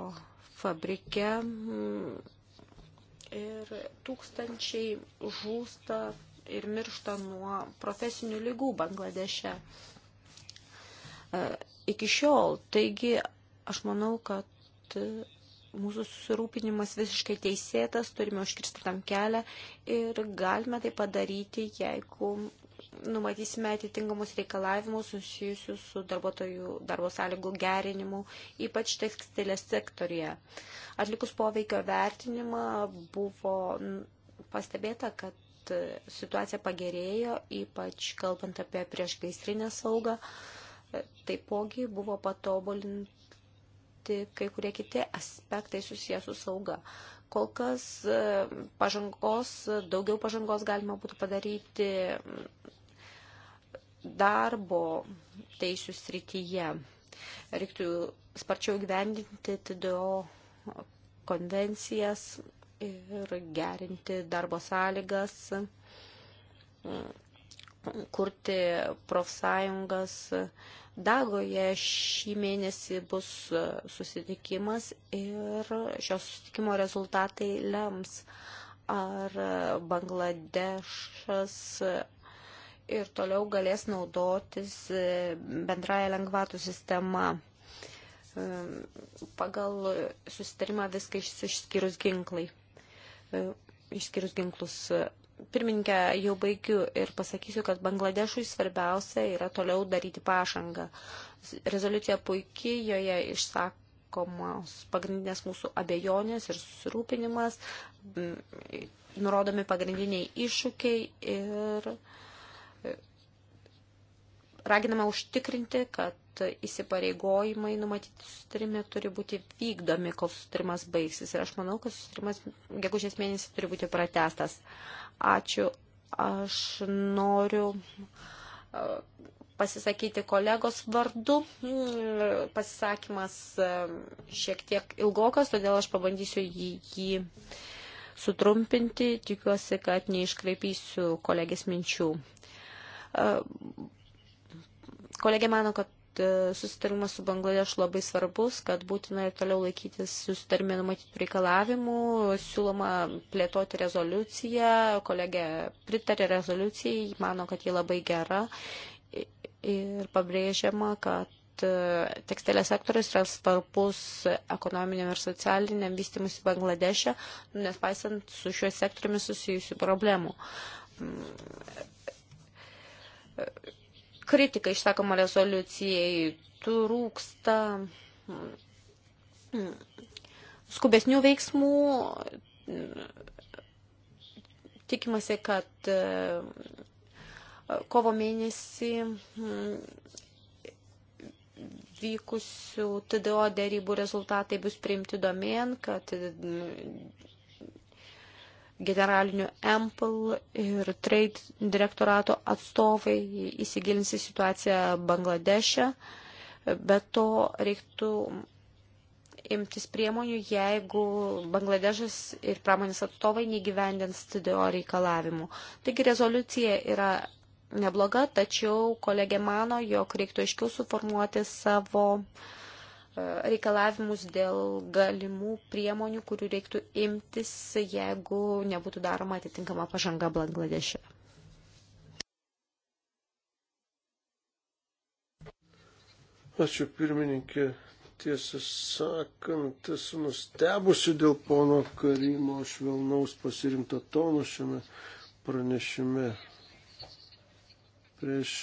fabrike ir tūkstančiai žūsta ir miršta nuo profesinių lygų Bangladeše. E, iki šiol. Taigi, aš manau, kad E, mūsų susirūpinimas visiškai teisėtas, turime užkirsti tam kelią ir galime tai padaryti, jeigu numatysime atitinkamus reikalavimus susijusius su darbuotojų darbo sąlygų gerinimu, ypač tekstilės sektorija. Atlikus poveikio vertinimą buvo pastebėta, kad e, situacija pagerėjo, ypač kalbant apie priešgaisrinę saugą. E, taipogi buvo patobulinta aptarti kai kurie kiti aspektai susijęs su sauga. Kol kas e, pažangos, daugiau pažangos galima būtų padaryti mm, darbo teisų srityje. Reiktų sparčiau gyvendinti TDO konvencijas ir gerinti darbo sąlygas, mm, kurti profsąjungas, Dagoje šį mėnesį bus e, susitikimas ir šio susitikimo rezultatai lems, ar Bangladešas ir toliau galės naudotis e, bendraja lengvatų sistema. E, pagal susitarimą viską išskyrus ginklai išskyrus ginklus pirmininkę jau baigiu ir pasakysiu, kad Bangladešui svarbiausia yra toliau daryti pažangą. Rezoliucija puikiai, joje išsakomos pagrindinės mūsų abejonės ir susirūpinimas, nurodomi pagrindiniai iššūkiai ir raginama užtikrinti, kad įsipareigojimai numatyti sustarime turi būti vykdomi, kol sustarimas baigsis. Ir aš manau, kad sustarimas gegužės mėnesį turi būti pratestas. Ačiū. Aš noriu e, pasisakyti kolegos vardu. Pasisakymas e, šiek tiek ilgokas, todėl aš pabandysiu jį, jį sutrumpinti. Tikiuosi, kad neiškreipysiu kolegės minčių e, Kolegė mano, kad e, susitarimas su Bangladeš labai svarbus, kad būtina ir toliau laikytis susitarime numatytų reikalavimų, siūloma plėtoti rezoliuciją, kolegė pritarė rezoliucijai, mano, kad ji labai gera ir pabrėžiama, kad e, tekstelės sektorius yra svarbus ekonominiam ir socialiniam vystimusi Bangladeše, nes paisant su šiuo sektoriumi susijusių problemų mm, e, kritika išsakoma rezoliucijai, trūksta mm, skubesnių veiksmų, tikimasi, kad e, kovo mėnesį mm, vykusių TDO dėrybų rezultatai bus priimti domen, kad mm, generalinių Ample ir Trade direktorato atstovai įsigilins į situaciją Bangladeše, bet to reiktų imtis priemonių, jeigu Bangladežas ir pramonės atstovai negyvendins TDO reikalavimų. Taigi rezoliucija yra nebloga, tačiau kolegė mano, jog reiktų aiškiau suformuoti savo uh, E, reikalavimus dėl galimų priemonių, kurių reiktų imtis, jeigu nebūtų daroma atitinkama pažanga Bangladeše. Ačiū pirmininkė. Tiesą sakant, esu nustebusi dėl pono Karimo švelnaus pasirinkto tono šiame pranešime. Prieš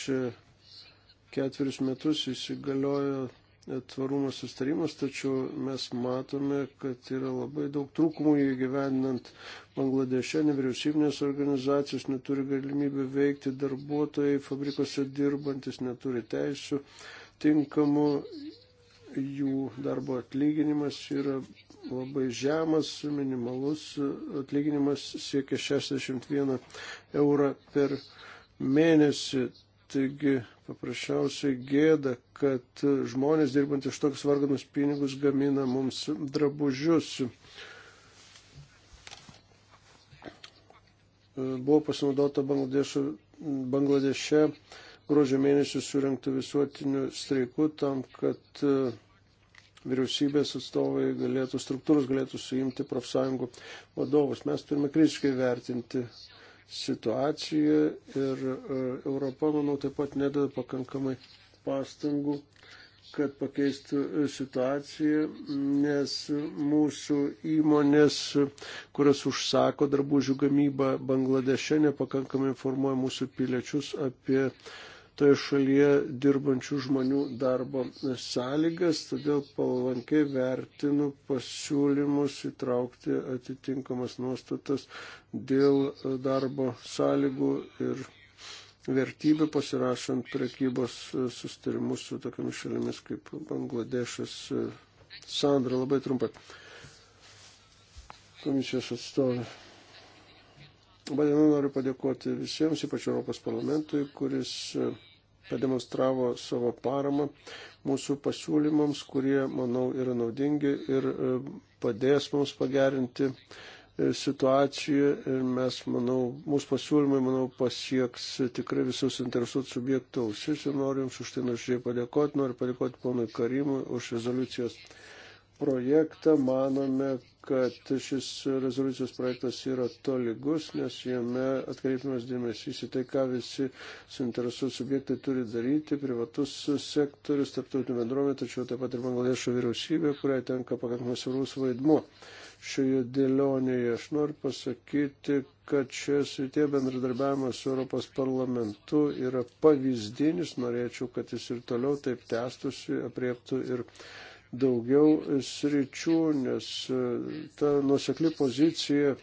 ketverius metus įsigaliojo tvarumo sustarimus, tačiau mes matome, kad yra labai daug trūkumų įgyvendinant Bangladeše, nevyriausybinės organizacijos neturi galimybių veikti, darbuotojai fabrikose dirbantis neturi teisų, tinkamų jų darbo atlyginimas yra labai žemas, minimalus atlyginimas siekia 61 eurą per mėnesį. Taigi paprasčiausiai gėda, kad žmonės dirbantys iš tokius varganus pinigus gamina mums drabužius. Buvo pasinaudota Bangladeše gruodžio mėnesį surinktų visuotinių streikų tam, kad e, vyriausybės atstovai galėtų, struktūros galėtų suimti profsąjungų vadovus. Mes turime kritiškai vertinti situaciją ir e, Europa, manau, taip pat nedavė pakankamai pastangų, kad pakeistų e, situaciją, nes mūsų įmonės, kurios užsako darbužių gamybą Bangladeše, nepakankamai informuoja mūsų piliečius apie uh, toje šalyje dirbančių žmonių darbo sąlygas, todėl palankiai vertinu pasiūlymus įtraukti atitinkamas nuostatas dėl darbo sąlygų ir vertybių pasirašant prekybos sustarimus su tokiamis šalimis kaip Bangladešas. Sandra, labai trumpai. Komisijos atstovė. Labadiena, noriu padėkoti visiems, ypač Europos parlamentui, kuris pademonstravo savo paramą mūsų pasiūlymams, kurie, manau, yra naudingi ir e, padės mums pagerinti e, situaciją ir mes, manau, mūsų pasiūlymai, manau, pasieks tikrai visus interesuotų subjektų ausis ir noriu Jums už tai nuoširdžiai padėkoti, noriu padėkoti ponui Karimui už rezoliucijos projektą. Manome, kad šis rezoliucijos projektas yra tolygus, nes jame atkreipimas dėmesys į tai, ką visi suinteresuoti subjektai turi daryti, privatus sektorius, tarptautinė bendrovė, tačiau taip pat ir Bangladešo vyriausybė, kuriai tenka pakankamai svarbus vaidmuo šioje dėlionėje. Aš noriu pasakyti, kad šioje srityje bendradarbiavimas su Europos parlamentu yra pavyzdinis. Norėčiau, kad jis ir toliau taip tęstusi, apriektų ir daugiau sričių, nes e, ta nuosekli pozicija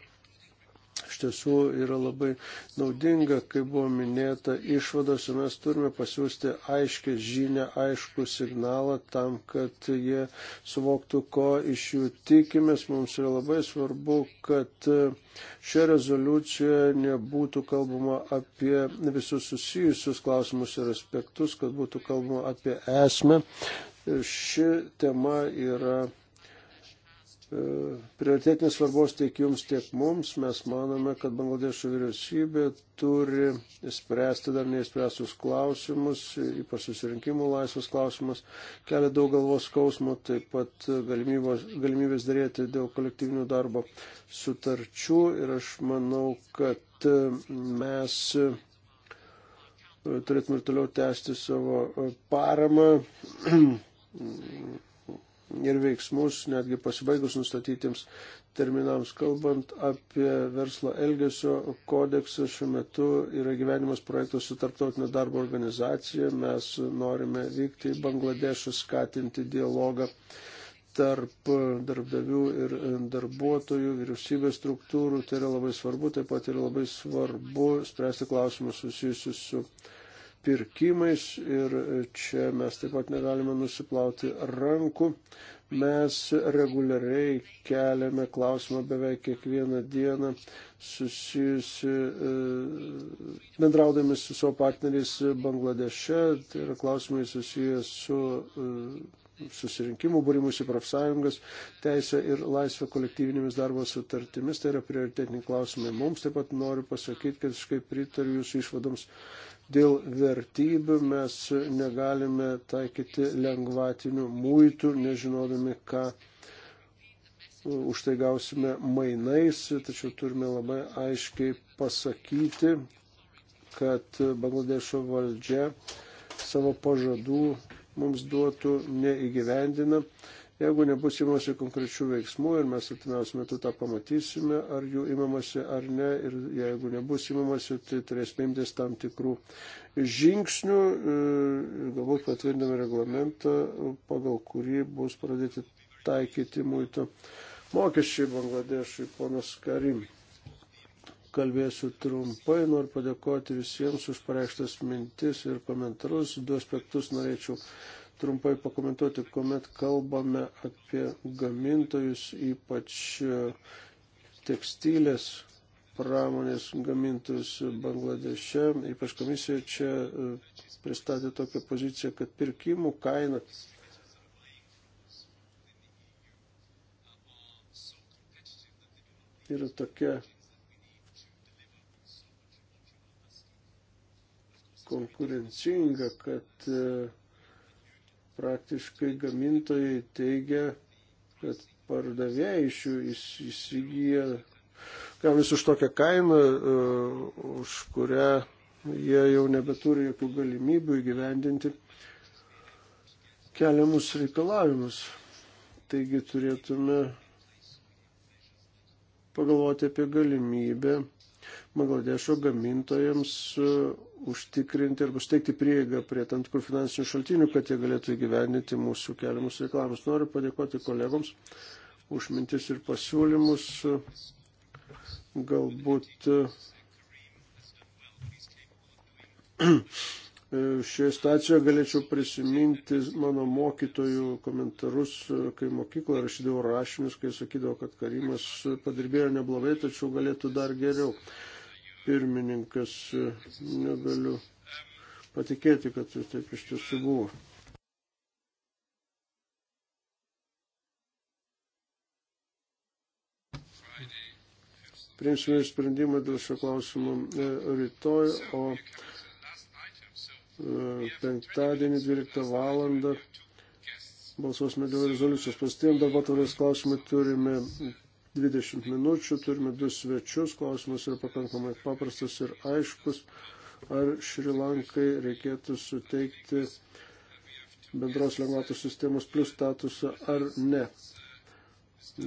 iš tiesų yra labai naudinga, kaip buvo minėta išvadose, mes turime pasiūsti aiškę žinę, aišku signalą tam, kad jie suvoktų, ko iš jų tikimės. Mums yra labai svarbu, kad e, šioje rezoliucijoje nebūtų kalbama apie visus susijusius klausimus ir aspektus, kad būtų kalbama apie esmę ši tema yra e, prioritetinės svarbos tiek jums, tiek mums. Mes manome, kad Bangladešo vyriausybė turi spręsti dar neįspręstus klausimus, ypač susirinkimų laisvės klausimus, kelia daug galvos skausmo, taip pat galimybės, galimybės dėrėti dėl kolektyvinių darbo sutarčių. Ir aš manau, kad mes e, turėtume ir toliau tęsti savo e, paramą ir veiksmus, netgi pasibaigus nustatytiems terminams. Kalbant apie verslo elgesio kodeksą, šiuo metu yra gyvenimas projektas su tarptautinio darbo organizacija. Mes norime vykti į Bangladešą, skatinti dialogą tarp darbdavių ir darbuotojų, vyriausybės struktūrų. Tai yra labai svarbu, taip pat yra labai svarbu spręsti klausimus susijusius su pirkimais ir čia mes taip pat negalime nusiplauti rankų. Mes reguliariai keliame klausimą beveik kiekvieną dieną susijusi, e, bendraudami su savo partneriais Bangladeše, tai yra klausimai susijęs su e, susirinkimų, būrimus į profsąjungas, teisę ir laisvę kolektyvinėmis darbo sutartimis. Tai yra prioritetiniai klausimai. Mums taip pat noriu pasakyti, kad aš kaip pritariu jūsų išvadoms dėl vertybių mes negalime taikyti lengvatinių muitų, nežinodami, ką už tai gausime mainais, tačiau turime labai aiškiai pasakyti, kad Bangladešo valdžia savo pažadų mums duotų neįgyvendina. Jeigu nebus įmasi konkrečių veiksmų ir mes atimiausiu metu tą pamatysime, ar jų imamasi ar ne, ir jeigu nebus imamasi, tai turėsime imtis tam tikrų žingsnių, e, galbūt patvirtiname reglamentą, pagal kurį bus pradėti taikyti muito mokesčiai Bangladešui, ponas Karim kalbėsiu trumpai, noriu padėkoti visiems už pareikštas mintis ir komentarus. Du aspektus norėčiau trumpai pakomentuoti, kuomet kalbame apie gamintojus, ypač e, tekstilės pramonės gamintojus Bangladeše, ypač komisija čia e, pristatė tokią poziciją, kad pirkimų kaina yra tokia konkurencinga, kad e, praktiškai gamintojai teigia, kad pardavėjai iš jų įsigyja, gaunasi už tokią kainą, e, už kurią jie jau nebeturi jokių galimybių įgyvendinti keliamus reikalavimus. Taigi turėtume pagalvoti apie galimybę Bangladešo gamintojams užtikrinti arba steigti prieigą prie tam tikrų finansinių šaltinių, kad jie galėtų įgyvendinti mūsų keliamus reikalavimus. Noriu padėkoti kolegoms už mintis ir pasiūlymus. Galbūt e, šioje stacijoje galėčiau prisiminti mano mokytojų komentarus, e, kai mokykloje rašydavau rašinius, kai sakydavau, kad karimas padirbėjo neblogai, tačiau galėtų dar geriau pirmininkas, e, negaliu patikėti, kad taip iš tiesų buvo. Priimsime sprendimą dėl šio klausimo e, rytoj, o e, penktadienį 12 valandą balsuosime dėl rezoliucijos. Pastiem dabar tvarės klausimą turime 20 minučių, turime du svečius, klausimas yra pakankamai paprastas ir aiškus, ar Šrilankai reikėtų suteikti bendros lengvatos sistemos plus statusą ar ne.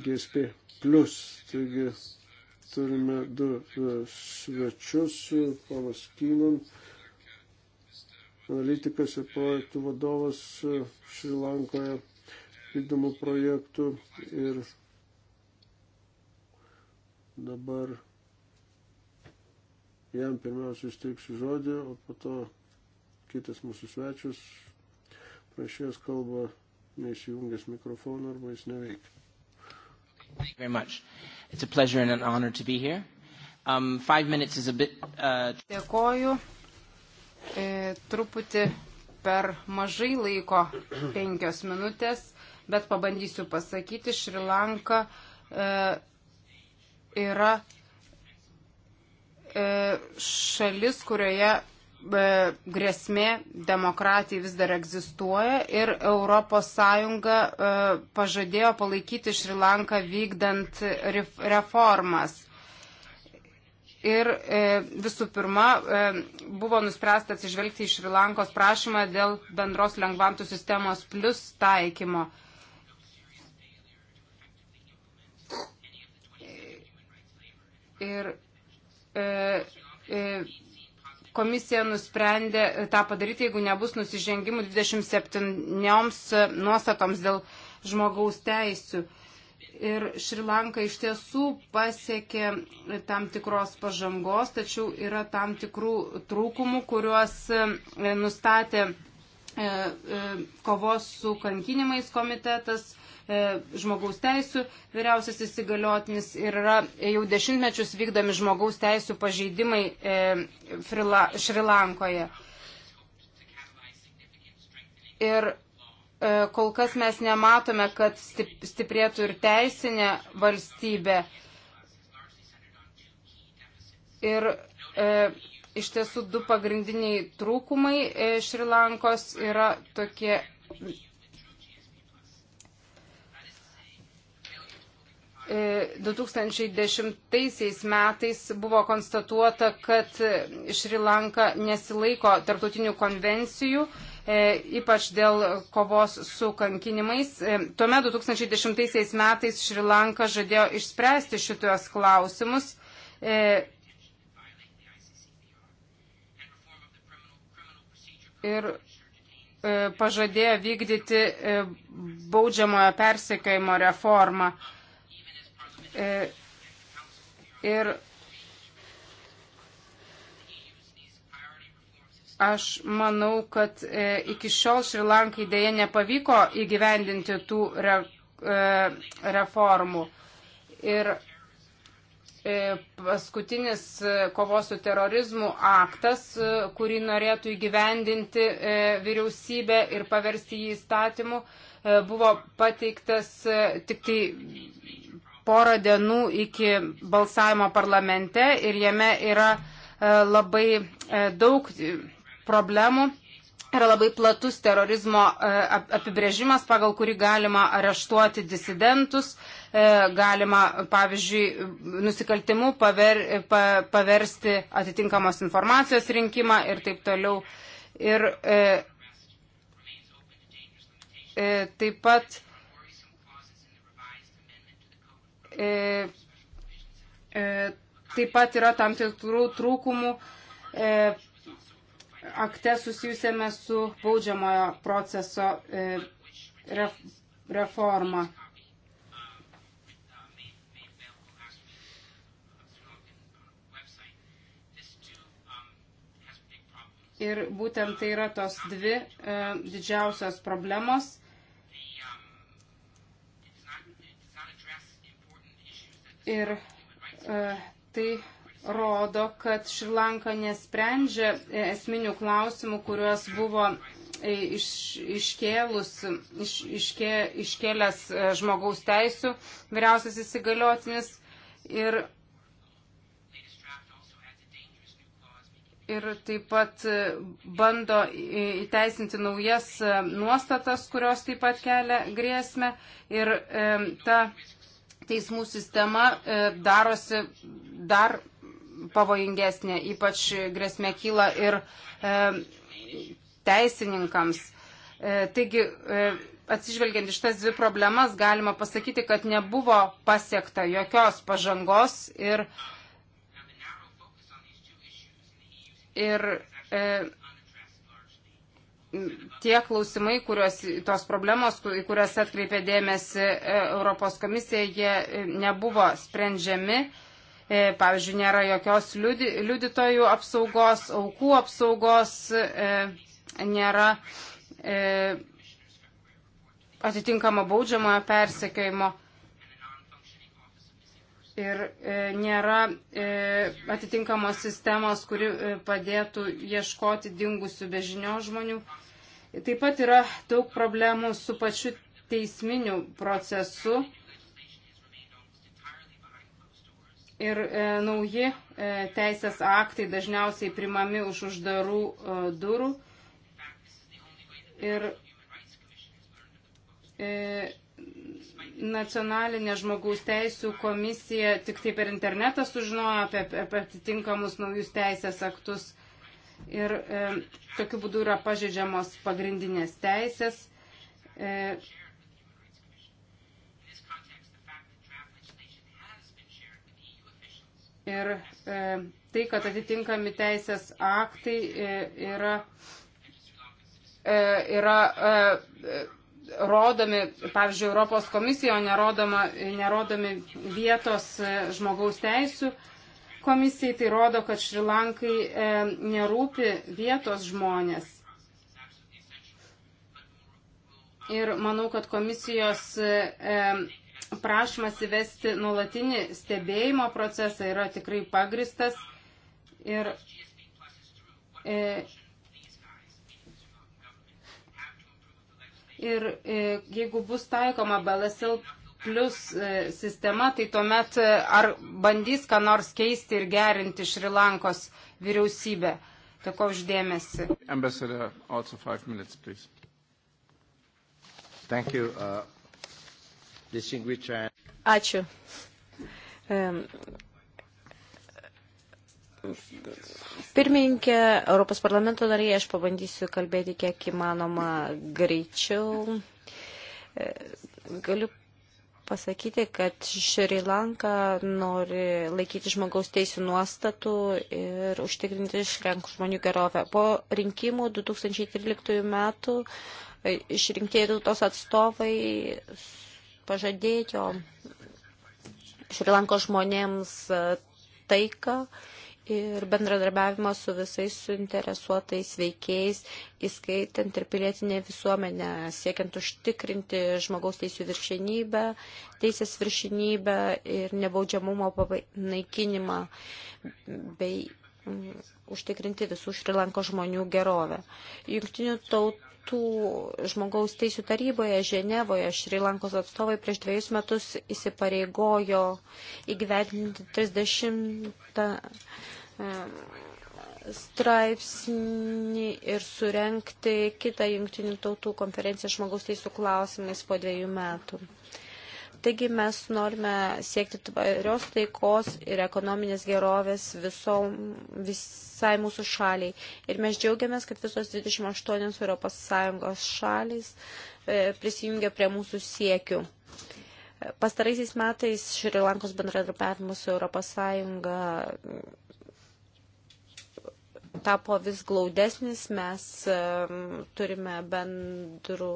GSP plus. Taigi turime du e, svečius, ponas Kynon, analitikas ir projektų vadovas e, Šrilankoje vykdomų projektų ir Dabar jam pirmiausia išteiksiu žodį, o po to kitas mūsų svečius prašės kalba neįsijungęs mikrofoną arba jis neveikia. Thank you very much. It's a pleasure and an honor to be here. Um, five minutes is a bit. Uh... Dėkoju. E, truputį per mažai laiko, penkios minutės, bet pabandysiu pasakyti, Šri Lanka e, yra e, šalis, kurioje e, grėsmė demokratijai vis dar egzistuoja ir ES e, pažadėjo palaikyti Šrilanką vykdant reformas. Ir visų pirma, buvo nuspręsta atsižvelgti į Šrilankos prašymą dėl bendros lengvantų sistemos plus taikymo. ir e, e, komisija nusprendė tą padaryti, jeigu nebus nusižengimų 27 nuostatoms dėl žmogaus teisių. Ir Šrilanka iš tiesų pasiekė tam tikros pažangos, tačiau yra tam tikrų trūkumų, kuriuos e, nustatė e, e, kovos su kankinimais komitetas E, žmogaus teisų vyriausias įsigaliotinis ir yra jau dešimtmečius vykdomi žmogaus teisų pažeidimai e, Šrilankoje. Ir e, kol kas mes nematome, kad stiprėtų ir teisinė valstybė. Ir e, iš tiesų du pagrindiniai trūkumai Šrilankos yra tokie 2010 e, metais buvo konstatuota, kad Šri Lanka nesilaiko tarptautinių konvencijų, e, ypač dėl kovos su kankinimais. E, tuomet 2010 metais Šri Lanka žadėjo išspręsti šituos klausimus. Ir pažadėjo vykdyti baudžiamojo persekiojimo reformą. E, ir aš manau, kad e, iki šiol Šrilankai dėje nepavyko įgyvendinti tų re, e, reformų. Ir paskutinis kovos su terorizmu aktas, kurį norėtų įgyvendinti vyriausybė ir paversti jį įstatymu, buvo pateiktas tik tai porą dienų iki balsavimo parlamente ir jame yra e, labai e, daug problemų. Yra labai platus terorizmo e, apibrėžimas, pagal kurį galima areštuoti disidentus, galima, pavyzdžiui, nusikaltimu paver, pa, paversti atitinkamos informacijos rinkimą ir taip toliau. Ir e, e, taip pat E, e, taip pat yra tam tikrų trūkumų e, akte susijusiame su baudžiamojo proceso e, re, reforma. Ir būtent tai yra tos dvi e, didžiausios problemos Ir e, tai rodo, kad Šrilanka nesprendžia e, esminių klausimų, kuriuos buvo e, iš, iškėlus, iš, iškė, iškėlęs e, žmogaus teisų vyriausias įsigaliotinis. Ir, ir taip pat bando įteisinti naujas nuostatas, kurios taip pat kelia grėsmę. Ir e, ta teismų sistema e, darosi dar pavojingesnė, ypač grėsmė kyla ir e, teisininkams. E, taigi, atsižvelgiant iš tas dvi problemas, galima pasakyti, kad nebuvo pasiekta jokios pažangos ir, ir e, tie klausimai, kurios, tos problemos, į kurias atkreipė dėmesį e, Europos komisija, jie e, nebuvo sprendžiami. E, pavyzdžiui, nėra jokios liudi, liudytojų apsaugos, aukų apsaugos, nėra atitinkamo baudžiamojo persekiojimo ir e, nėra e, atitinkamos sistemos, kuri e, padėtų ieškoti dingusių bežinio žmonių. Taip pat yra daug problemų su pačiu teisminiu procesu. Ir e, nauji e, teisės aktai dažniausiai primami už uždarų e, durų. Ir e, nacionalinė žmogaus teisų komisija tik tai per internetą sužinojo apie, apie atitinkamus naujus teisės aktus. Ir e, tokiu būdu yra pažeidžiamos pagrindinės teisės. E, ir e, tai, kad atitinkami teisės aktai e, yra, e, yra e, rodomi, pavyzdžiui, Europos komisijoje, nerodoma, nerodomi vietos e, žmogaus teisų komisijai, tai rodo, kad Šrilankai e, nerūpi vietos žmonės. Ir manau, kad komisijos e, e, prašymas įvesti nuolatinį stebėjimo procesą yra tikrai pagristas. Ir e, ir e, jeigu bus taikoma BLSL plus e, sistema, tai tuomet e, ar bandys ką nors keisti ir gerinti Šrilankos vyriausybę. Dėkuoju uždėmesi. Ambassador, also five minutes, please. Thank you, uh, distinguished... Ačiū. Um, Pirmininkė, Europos parlamento narė, aš pabandysiu kalbėti kiek įmanoma greičiau. E, galiu pasakyti, kad Šri Lanka nori laikyti žmogaus teisų nuostatų ir užtikrinti išrenkų žmonių gerovę. Po rinkimų 2013 metų e, išrinktieji tautos atstovai pažadėjo Šri Lanko žmonėms e, taiką ir bendradarbiavimą su visais suinteresuotais veikėjais, įskaitant ir pilietinę visuomenę, siekiant užtikrinti žmogaus teisų viršinybę, teisės viršinybę ir nebaudžiamumo naikinimą bei mm, užtikrinti visų Šrilanko žmonių gerovę. Jungtinių tautų tautų žmogaus teisų taryboje Ženevoje Šrilankos atstovai prieš dviejus metus įsipareigojo įgyvendinti 30 e, straipsnį ir surenkti kitą jungtinių tautų konferenciją žmogaus teisų klausimais po dviejų metų. Taigi mes norime siekti tvarios taikos ir ekonominės gerovės visom, visai mūsų šaliai. Ir mes džiaugiamės, kad visos 28 ES šalis prisijungia prie mūsų siekių. Pastaraisiais metais Šri Lankos bendradarbiavimas su ES tapo vis glaudesnis, mes turime bendrų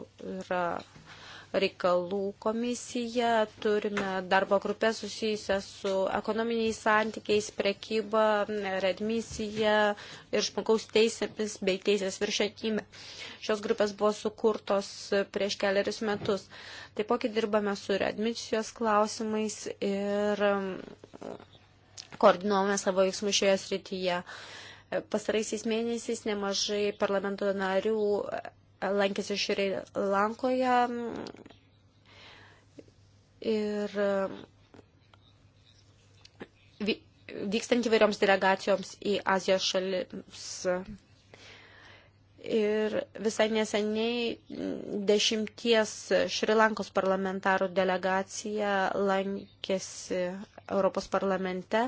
reikalų komisija, turime darbo grupę susijusią su ekonominiais santykiais, prekyba, redmisija ir žmogaus teisėmis bei teisės viršėtime. Šios grupės buvo sukurtos prieš keliarius metus. Taipogi dirbame su redmisijos klausimais ir mm, koordinuojame savo veiksmus šioje srityje. Pastaraisiais mėnesiais nemažai parlamento narių lankėsi Šri Lankoje ir e, vykstant įvairioms delegacijoms į Azijos šalis. Ir visai neseniai dešimties Šrilankos parlamentarų delegacija lankėsi Europos parlamente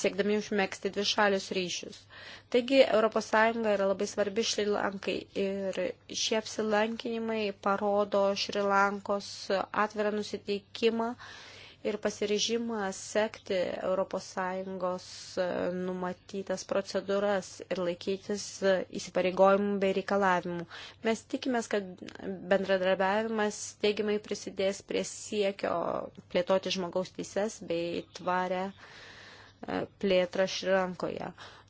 siekdami užmėgsti dvi šalius ryšius. Taigi ES yra labai svarbi Šrilankai ir šie apsilankinimai parodo Šrilankos atvirą nusiteikimą ir pasiryžimą sekti ES e, numatytas procedūras ir laikytis įsipareigojimų bei reikalavimų. Mes tikimės, kad bendradarbiavimas teigiamai prisidės prie siekio plėtoti žmogaus teises bei tvarę uh, plėtrą Šrilankoje.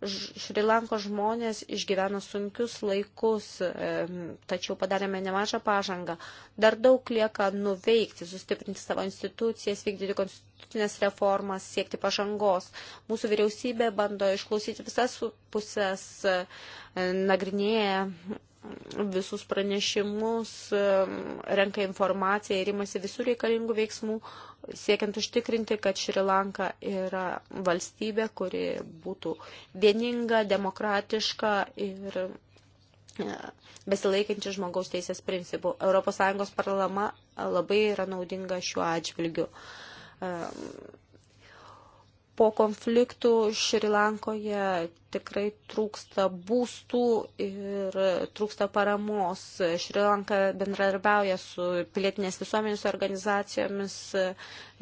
Šrilanko žmonės išgyveno sunkius laikus, tačiau padarėme nemažą pažangą. Dar daug lieka nuveikti, sustiprinti savo institucijas, vykdyti konstitucinės reformas, siekti pažangos. Mūsų vyriausybė bando išklausyti visas pusės, e, nagrinėja visus pranešimus, renka informaciją ir imasi visų reikalingų veiksmų, siekiant užtikrinti, kad Šri Lanka yra valstybė, kuri būtų vieninga, demokratiška ir e, besilaikanti žmogaus teisės principų. ES parlama labai yra naudinga šiuo atžvilgiu po konfliktų Šri Lankoje tikrai trūksta būstų ir trūksta paramos. Šri Lanka bendradarbiauja su pilietinės visuomenės organizacijomis,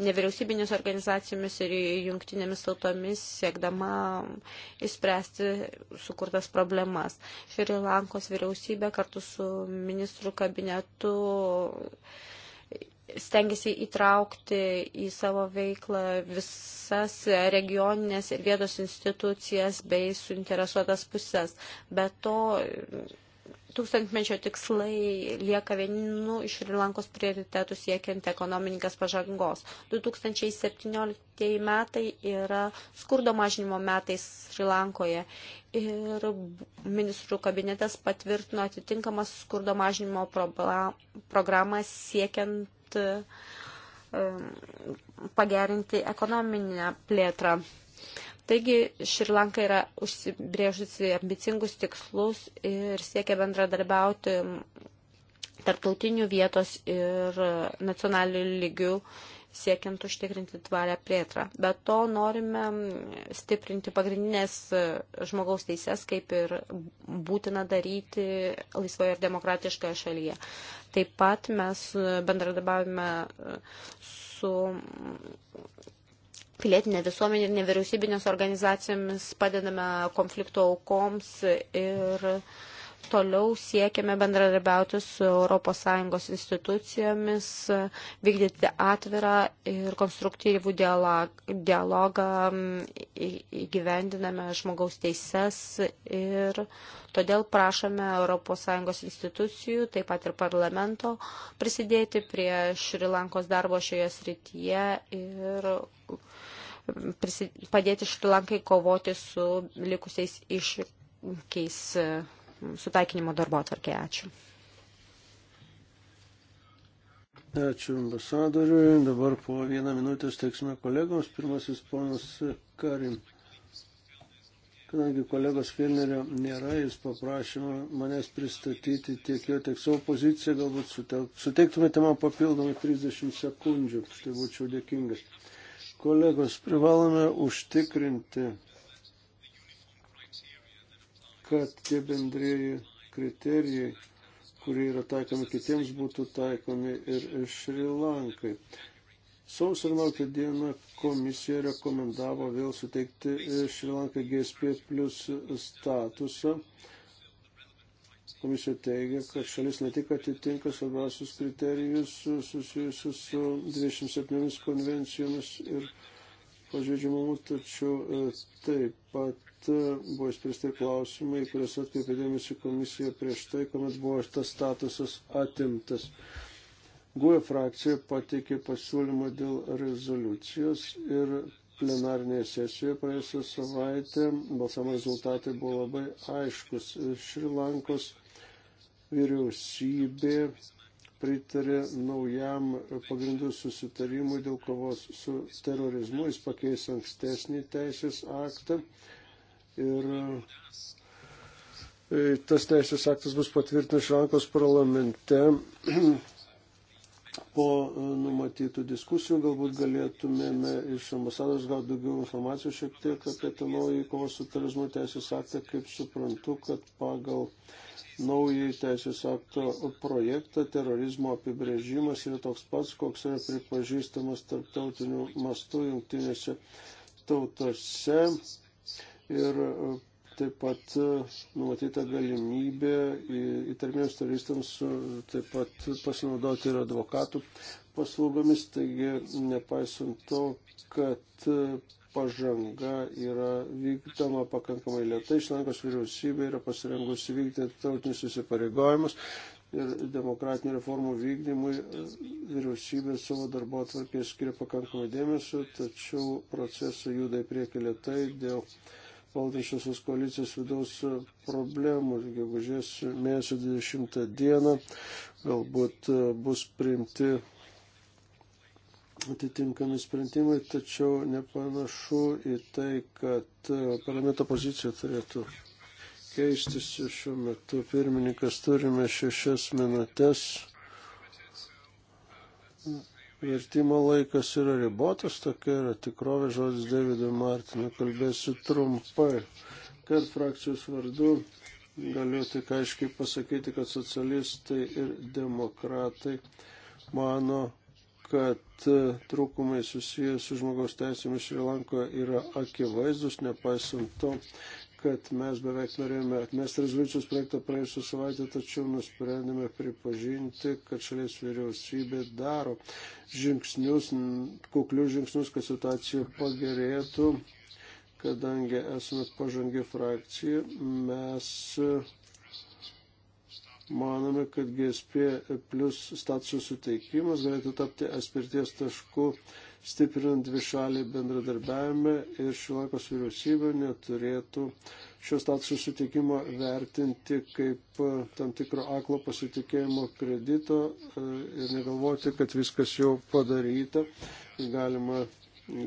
nevyriausybinės organizacijomis ir jungtinėmis tautomis, siekdama įspręsti sukurtas problemas. Šri Lankos vyriausybė kartu su ministrų kabinetu stengiasi įtraukti į savo veiklą visas regioninės ir vietos institucijas bei suinteresuotas pusės. Be to, tūkstantmečio tikslai lieka vieninu iš Rilankos prioritetų siekiant ekonomininkas pažangos. 2017 metai yra skurdo mažinimo metais Rilankoje ir ministrų kabinetas patvirtino atitinkamą skurdo mažinimo programą siekiant Um, pagerinti ekonominę plėtrą. Taigi Šrilanka yra užsibrėžusi ambicingus tikslus ir siekia bendradarbiauti tarptautinių vietos ir nacionalinių lygių siekiant užtikrinti tvarę plėtrą. Be to norime stiprinti pagrindinės e, žmogaus teises, kaip ir būtina daryti laisvoje ir demokratiškoje šalyje. Taip pat mes e, bendradabavime e, su pilietinė visuomenė ir nevyriausybinės organizacijomis padedame konflikto aukoms ir uh, toliau siekiame bendradarbiauti su ES institucijomis, vykdyti atvirą ir konstruktyvų dialogą, įgyvendiname žmogaus teises ir todėl prašome ES institucijų, taip pat ir parlamento, prisidėti prie Šrilankos darbo šioje srityje ir padėti Šrilankai kovoti su likusiais iššūkiais sutaikinimo darbo atvarkėje. Ačiū. Ačiū ambasadoriui. Dabar po vieną minutę steiksime kolegoms. Pirmasis ponas Karim. Kadangi kolegos Filnerio nėra, jis paprašė manęs pristatyti tiek jo, tiek savo poziciją, galbūt suteiktumėte man papildomai 30 sekundžių, tai būčiau dėkingas. Kolegos, privalome užtikrinti kad tie bendrėjai kriterijai, kurie yra taikomi kitiems, būtų taikomi ir Šrilankai. Sausio 11 dieną komisija rekomendavo vėl suteikti Šrilankai GSP plus statusą. Komisija teigia, kad šalis ne tik atitinka svarbiausius kriterijus susijusius su 27 konvencijomis ir pažeidžiamumu, tačiau e, taip pat pat e, buvo išspręsti klausimai, kuriuos atkreipė dėmesį komisija prieš tai, kuomet buvo tas statusas atimtas. GUE frakcija pateikė pasiūlymą dėl rezoliucijos ir plenarinėje sesijoje praėjusią savaitę balsamo rezultatai buvo labai aiškus. Šrilankos vyriausybė pritarė naujam pagrindų susitarimui dėl kovos su terorizmu, jis pakeis ankstesnį teisės aktą ir e, tas teisės aktas bus patvirtintas Šrankos parlamente. Po e, numatytų diskusijų galbūt galėtumėme iš ambasados gauti daugiau informacijos šiek tiek apie tą naują kovos su terorizmu teisės aktą, kaip suprantu, kad pagal naują teisės akto projektą terorizmo apibrėžimas yra toks pats, koks yra pripažįstamas tarptautiniu mastu jungtinėse tautose ir e, taip pat e, numatyta galimybė įtarmiems turistams e, taip pat pasinaudoti ir advokatų paslaugomis. Taigi, nepaisant to, kad pažanga yra vykdoma pakankamai lietai, Šlankos vyriausybė yra pasirengusi vykdyti tautinius įsipareigojimus. Ir demokratinių reformų vykdymui vyriausybė savo darbo atvarkė skiria pakankamai dėmesio, tačiau procesai juda į priekį lietai dėl uh, valdančios koalicijos vidaus problemų. Gegužės mėnesio 20 dieną galbūt e, bus priimti atitinkami sprendimai, tačiau nepanašu į tai, kad e, parlamento pozicija turėtų keistis šiuo metu. Pirmininkas turime šešias minutės vertimo laikas yra ribotas, tokia yra tikrovė žodis Davido Martino, kalbėsiu trumpai, kad frakcijos vardu galiu tik aiškiai pasakyti, kad socialistai ir demokratai mano, kad e, trūkumai susijęs su žmogaus teisėmis Šrilankoje yra akivaizdus, nepaisant to, kad mes beveik norėjome atmesti rezoliucijos projektą praėjusią savaitę, tačiau nusprendėme pripažinti, kad šalies vyriausybė daro žingsnius, kuklius žingsnius, kad situacija pagerėtų, kadangi esame pažangi frakcija, mes manome, kad GSP plus statuso suteikimas galėtų tapti atspirties tašku stiprinant dvišalį bendradarbiavimą ir Šilankos vyriausybė neturėtų šios statusų sutikimo vertinti kaip e, tam tikro aklo pasitikėjimo kredito e, ir negalvoti, kad viskas jau padaryta. Galima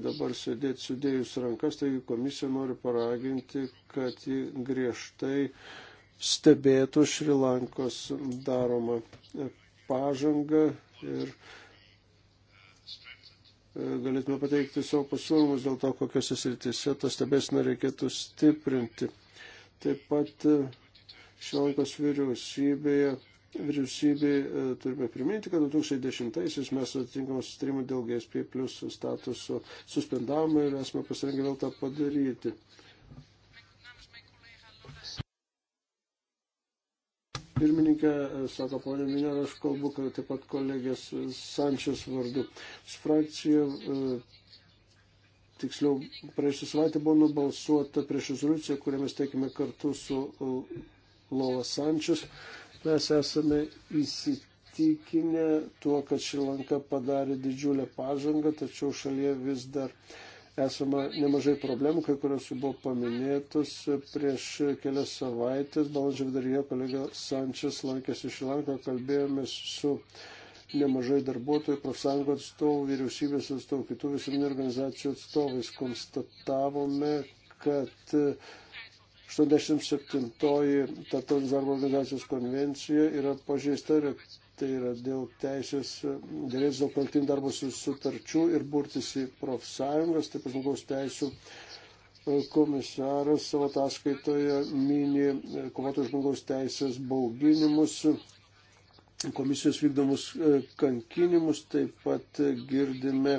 dabar sėdėti sudėjus rankas, taigi komisija nori paraginti, kad ji griežtai stebėtų Šrilankos daromą pažangą ir E, galėtume pateikti savo pasiūlymus dėl to, kokiuose srityse tą stebėsiną reikėtų stiprinti. Taip pat e, Šrilankos vyriausybėje, vyriausybėje turime priminti, kad 2010-aisiais mes atitinkamą sustarimą dėl GSP plus statuso suspendavome ir esame pasirengę vėl tą padaryti. pirmininkė, e, sako ponė Minė, aš kalbu taip pat kolegės Sančios vardu. Su frakcija, e, tiksliau, praėjusią savaitę buvo nubalsuota prieš rezoliuciją, kurią mes teikime kartu su e, Lola Sančios. Mes esame įsitikinę įsitikinę tuo, kad Šilanka padarė didžiulę pažangą, tačiau šalyje vis dar esama nemažai problemų, kai kurios jau buvo paminėtos prieš kelias savaitės. Balandžio viduryje kolega Sančias lankėsi Šilanką, kalbėjomės su nemažai darbuotojų, profsąjungų atstovų, vyriausybės atstovų, kitų visuomeninių organizacijų atstovais. Konstatavome, kad 87-oji Tartautinės darbo organizacijos konvencija yra pažeista ir tai yra dėl teisės, dėlės dėl kolektyvinių darbo sutarčių ir burtis į profsąjungas, taip pat žmogaus teisų e, komisaras savo ataskaitoje mini e, kovotojų žmogaus teisės bauginimus, komisijos vykdomus e, kankinimus, taip pat girdime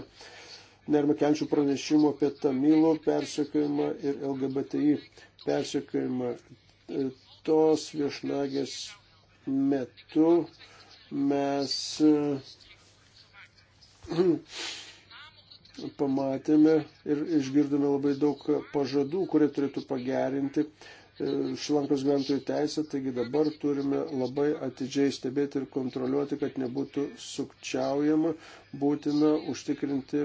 nerima kelčių pranešimų apie Tamilų persekiojimą ir LGBTI persekiojimą. Tos viešnagės metu mes e, pamatėme ir išgirdome labai daug pažadų, kurie turėtų pagerinti E, Šrilankos gyventojų teisę, taigi dabar turime labai atidžiai stebėti ir kontroliuoti, kad nebūtų sukčiaujama, būtina užtikrinti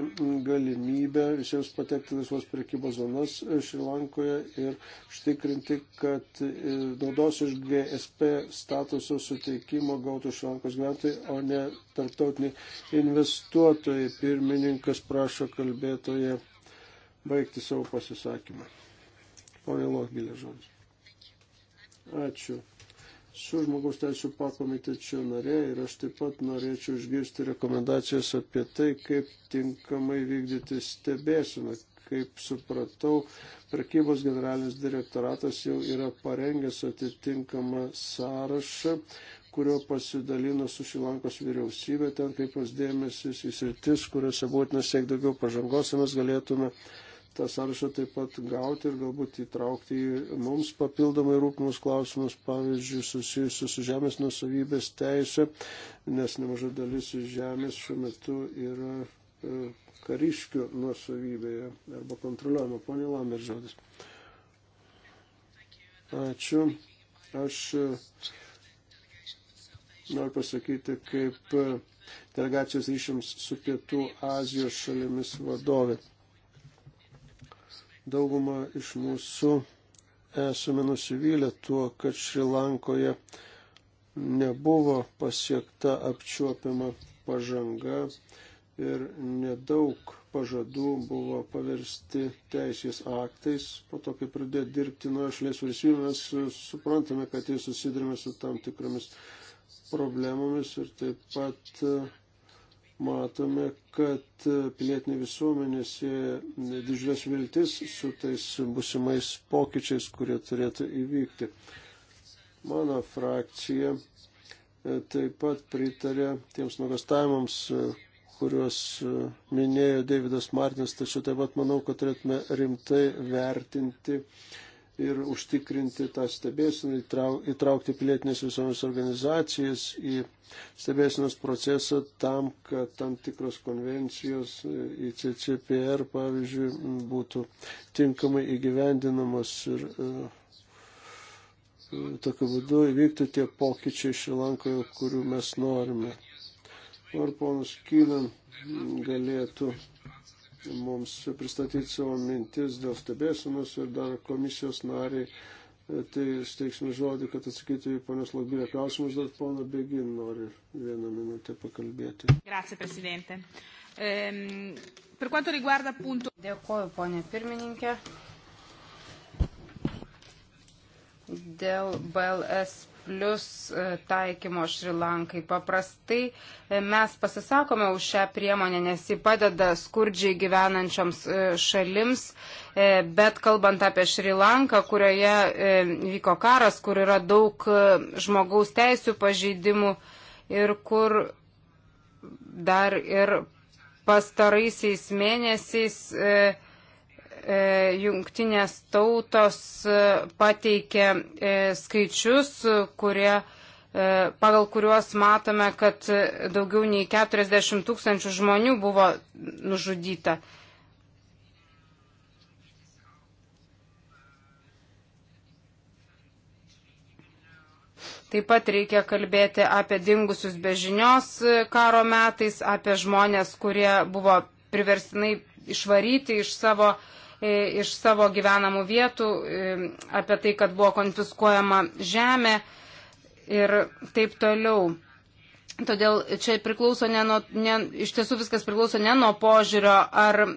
galimybę visiems patekti laisvos prekybos zonas Šrilankoje ir užtikrinti, kad e, naudos iš GSP statuso suteikimo gautų Šrilankos gyventojai, o ne tarptautiniai investuotojai. Pirmininkas prašo kalbėtoje baigti savo pasisakymą. Pone Lohbilė žodžiu. Ačiū. Su žmogaus teisų pakomitečio narė ir aš taip pat norėčiau išgirsti rekomendacijas apie tai, kaip tinkamai vykdyti stebėsiną. Kaip supratau, prekybos generalinis direktoratas jau yra parengęs atitinkamą sąrašą, kurio pasidalino su Šilankos vyriausybė, ten kaip pasdėmėsis į sritis, kuriuose būtina siekti daugiau pažangos, mes galėtume uh, tą sąrašą taip pat gauti ir galbūt įtraukti į mums papildomai rūpimus klausimus, pavyzdžiui, susijusius su žemės nusavybės teisė, nes nemaža dalis žemės šiuo metu yra e, kariškių nusavybėje arba kontroliuojama. Pone Lamer žodis. Ačiū. Aš e, noriu pasakyti, kaip e, delegacijos ryšiams su Pietų Azijos šalimis vadovė. Dauguma iš mūsų esame nusivylę tuo, kad Šrilankoje nebuvo pasiekta apčiuopiama pažanga ir nedaug pažadų buvo paversti teisės aktais. Po to, kai pradėjo dirbti nuo šalies valstybių, mes suprantame, kad jis susidurime su tam tikromis problemomis ir taip pat matome, kad pilietinė visuomenė sieja didžiulės viltis su tais busimais pokyčiais, kurie turėtų įvykti. Mano frakcija e, taip pat pritarė tiems nuogastavimams, e, kuriuos e, minėjo Davidas Martinas, tačiau taip pat manau, kad turėtume rimtai vertinti uh, ir užtikrinti tą stebėsiną, įtraukti pilietinės visuomenės organizacijas į stebėsinos procesą tam, kad tam tikros konvencijos į e, CCPR, pavyzdžiui, būtų tinkamai įgyvendinamos ir e, e, tokiu būdu įvyktų tie pokyčiai Šilankoje, kurių mes norime. Ar ponas Kylan galėtų mums pristatyti savo mintis dėl stebėsimus ir dar komisijos nariai. E, tai steiksime žodį, kad atsakytų į ponios Lagbilė klausimus, dar pono Begin nori vieną minutę pakalbėti. Grazie, prezidente. Ehm, per quanto riguarda appunto... Dėkuoju, ponė pirmininkė. Dėl BLS plus e, taikymo Šrilankai. Paprastai e, mes pasisakome už šią priemonę, nes ji padeda skurdžiai gyvenančioms e, šalims, bet kalbant apie Šrilanką, kurioje vyko karas, kur yra daug žmogaus teisų pažeidimų ir kur dar ir pastaraisiais mėnesiais E, jungtinės tautos e, pateikė e, skaičius, kurie, pagal kuriuos matome, kad daugiau nei 40 tūkstančių žmonių buvo nužudyta. Taip pat reikia kalbėti apie dingusius bežinios karo metais, apie žmonės, kurie buvo priverstinai išvaryti iš savo uh, E, iš savo gyvenamų vietų, e, apie tai, kad buvo konfiskuojama žemė ir taip toliau. Todėl čia priklauso ne nuo, ne, iš tiesų viskas priklauso ne nuo požiūrio, ar e,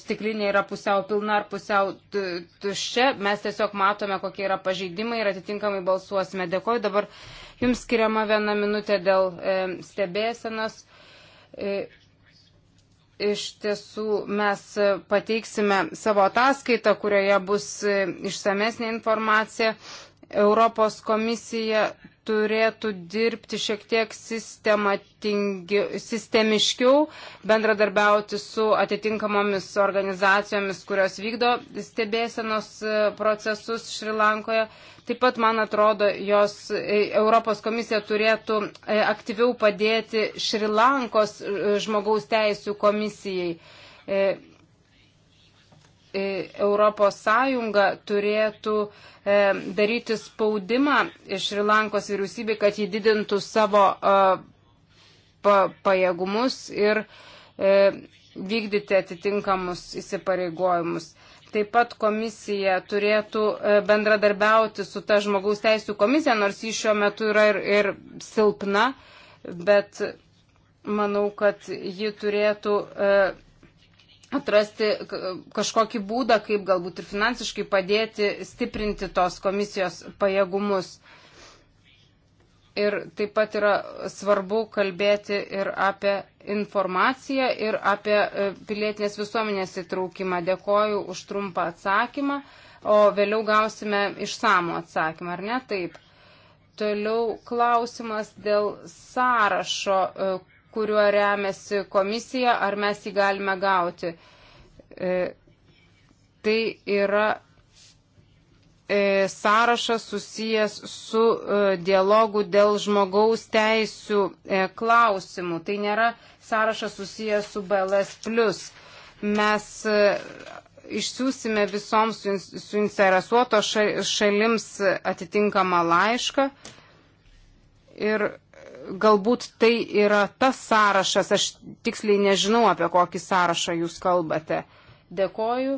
stiklinė yra pusiau pilna ar pusiau tuščia. Mes tiesiog matome, kokie yra pažeidimai ir atitinkamai balsuosime. Dėkoju. Dabar jums skiriama viena minutė dėl e, stebėsenos. E, iš tiesų mes pateiksime savo ataskaitą, kurioje bus išsamesnė informacija Europos komisija turėtų dirbti šiek tiek sistemiškiau, bendradarbiauti su atitinkamomis organizacijomis, kurios vykdo stebėsenos e, procesus Šrilankoje. Taip pat, man atrodo, jos e, Europos komisija turėtų e, aktyviau padėti Šrilankos žmogaus teisų komisijai ES turėtų e, daryti spaudimą Šri Lankos vyriausybė, kad jį didintų savo e, pajėgumus ir e, vykdyti atitinkamus įsipareigojimus. Taip pat komisija turėtų bendradarbiauti su ta žmogaus teisų komisija, nors jį šiuo metu yra ir, ir silpna, bet manau, kad ji turėtų atrasti kažkokį būdą, kaip galbūt ir finansiškai padėti stiprinti tos komisijos pajėgumus. Ir taip pat yra svarbu kalbėti ir apie informaciją, ir apie e, pilietinės visuomenės įtraukimą. Dėkoju už trumpą atsakymą, o vėliau gausime išsamų atsakymą, ar ne? Taip. Toliau klausimas dėl sąrašo, e, kuriuo remiasi komisija, ar mes jį galime gauti. E, tai yra e, sąrašas susijęs su e, dialogu dėl žmogaus teisų e, klausimų. Tai nėra sąrašas susijęs su BLS. Mes e, išsiųsime visoms suinteresuoto šalims atitinkamą laišką ir galbūt tai yra tas sąrašas, aš tiksliai nežinau, apie kokį sąrašą jūs kalbate. Dėkoju.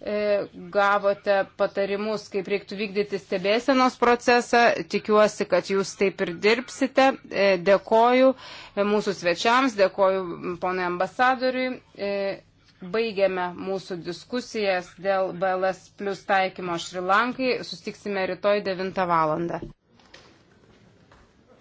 E, gavote patarimus, kaip reiktų vykdyti stebėsenos procesą. Tikiuosi, kad jūs taip ir dirbsite. E, dėkoju e, mūsų svečiams, dėkoju ponai ambasadoriui. Baigiame mūsų diskusijas dėl BLS plus taikymo Šrilankai. Sustiksime rytoj 9 valandą.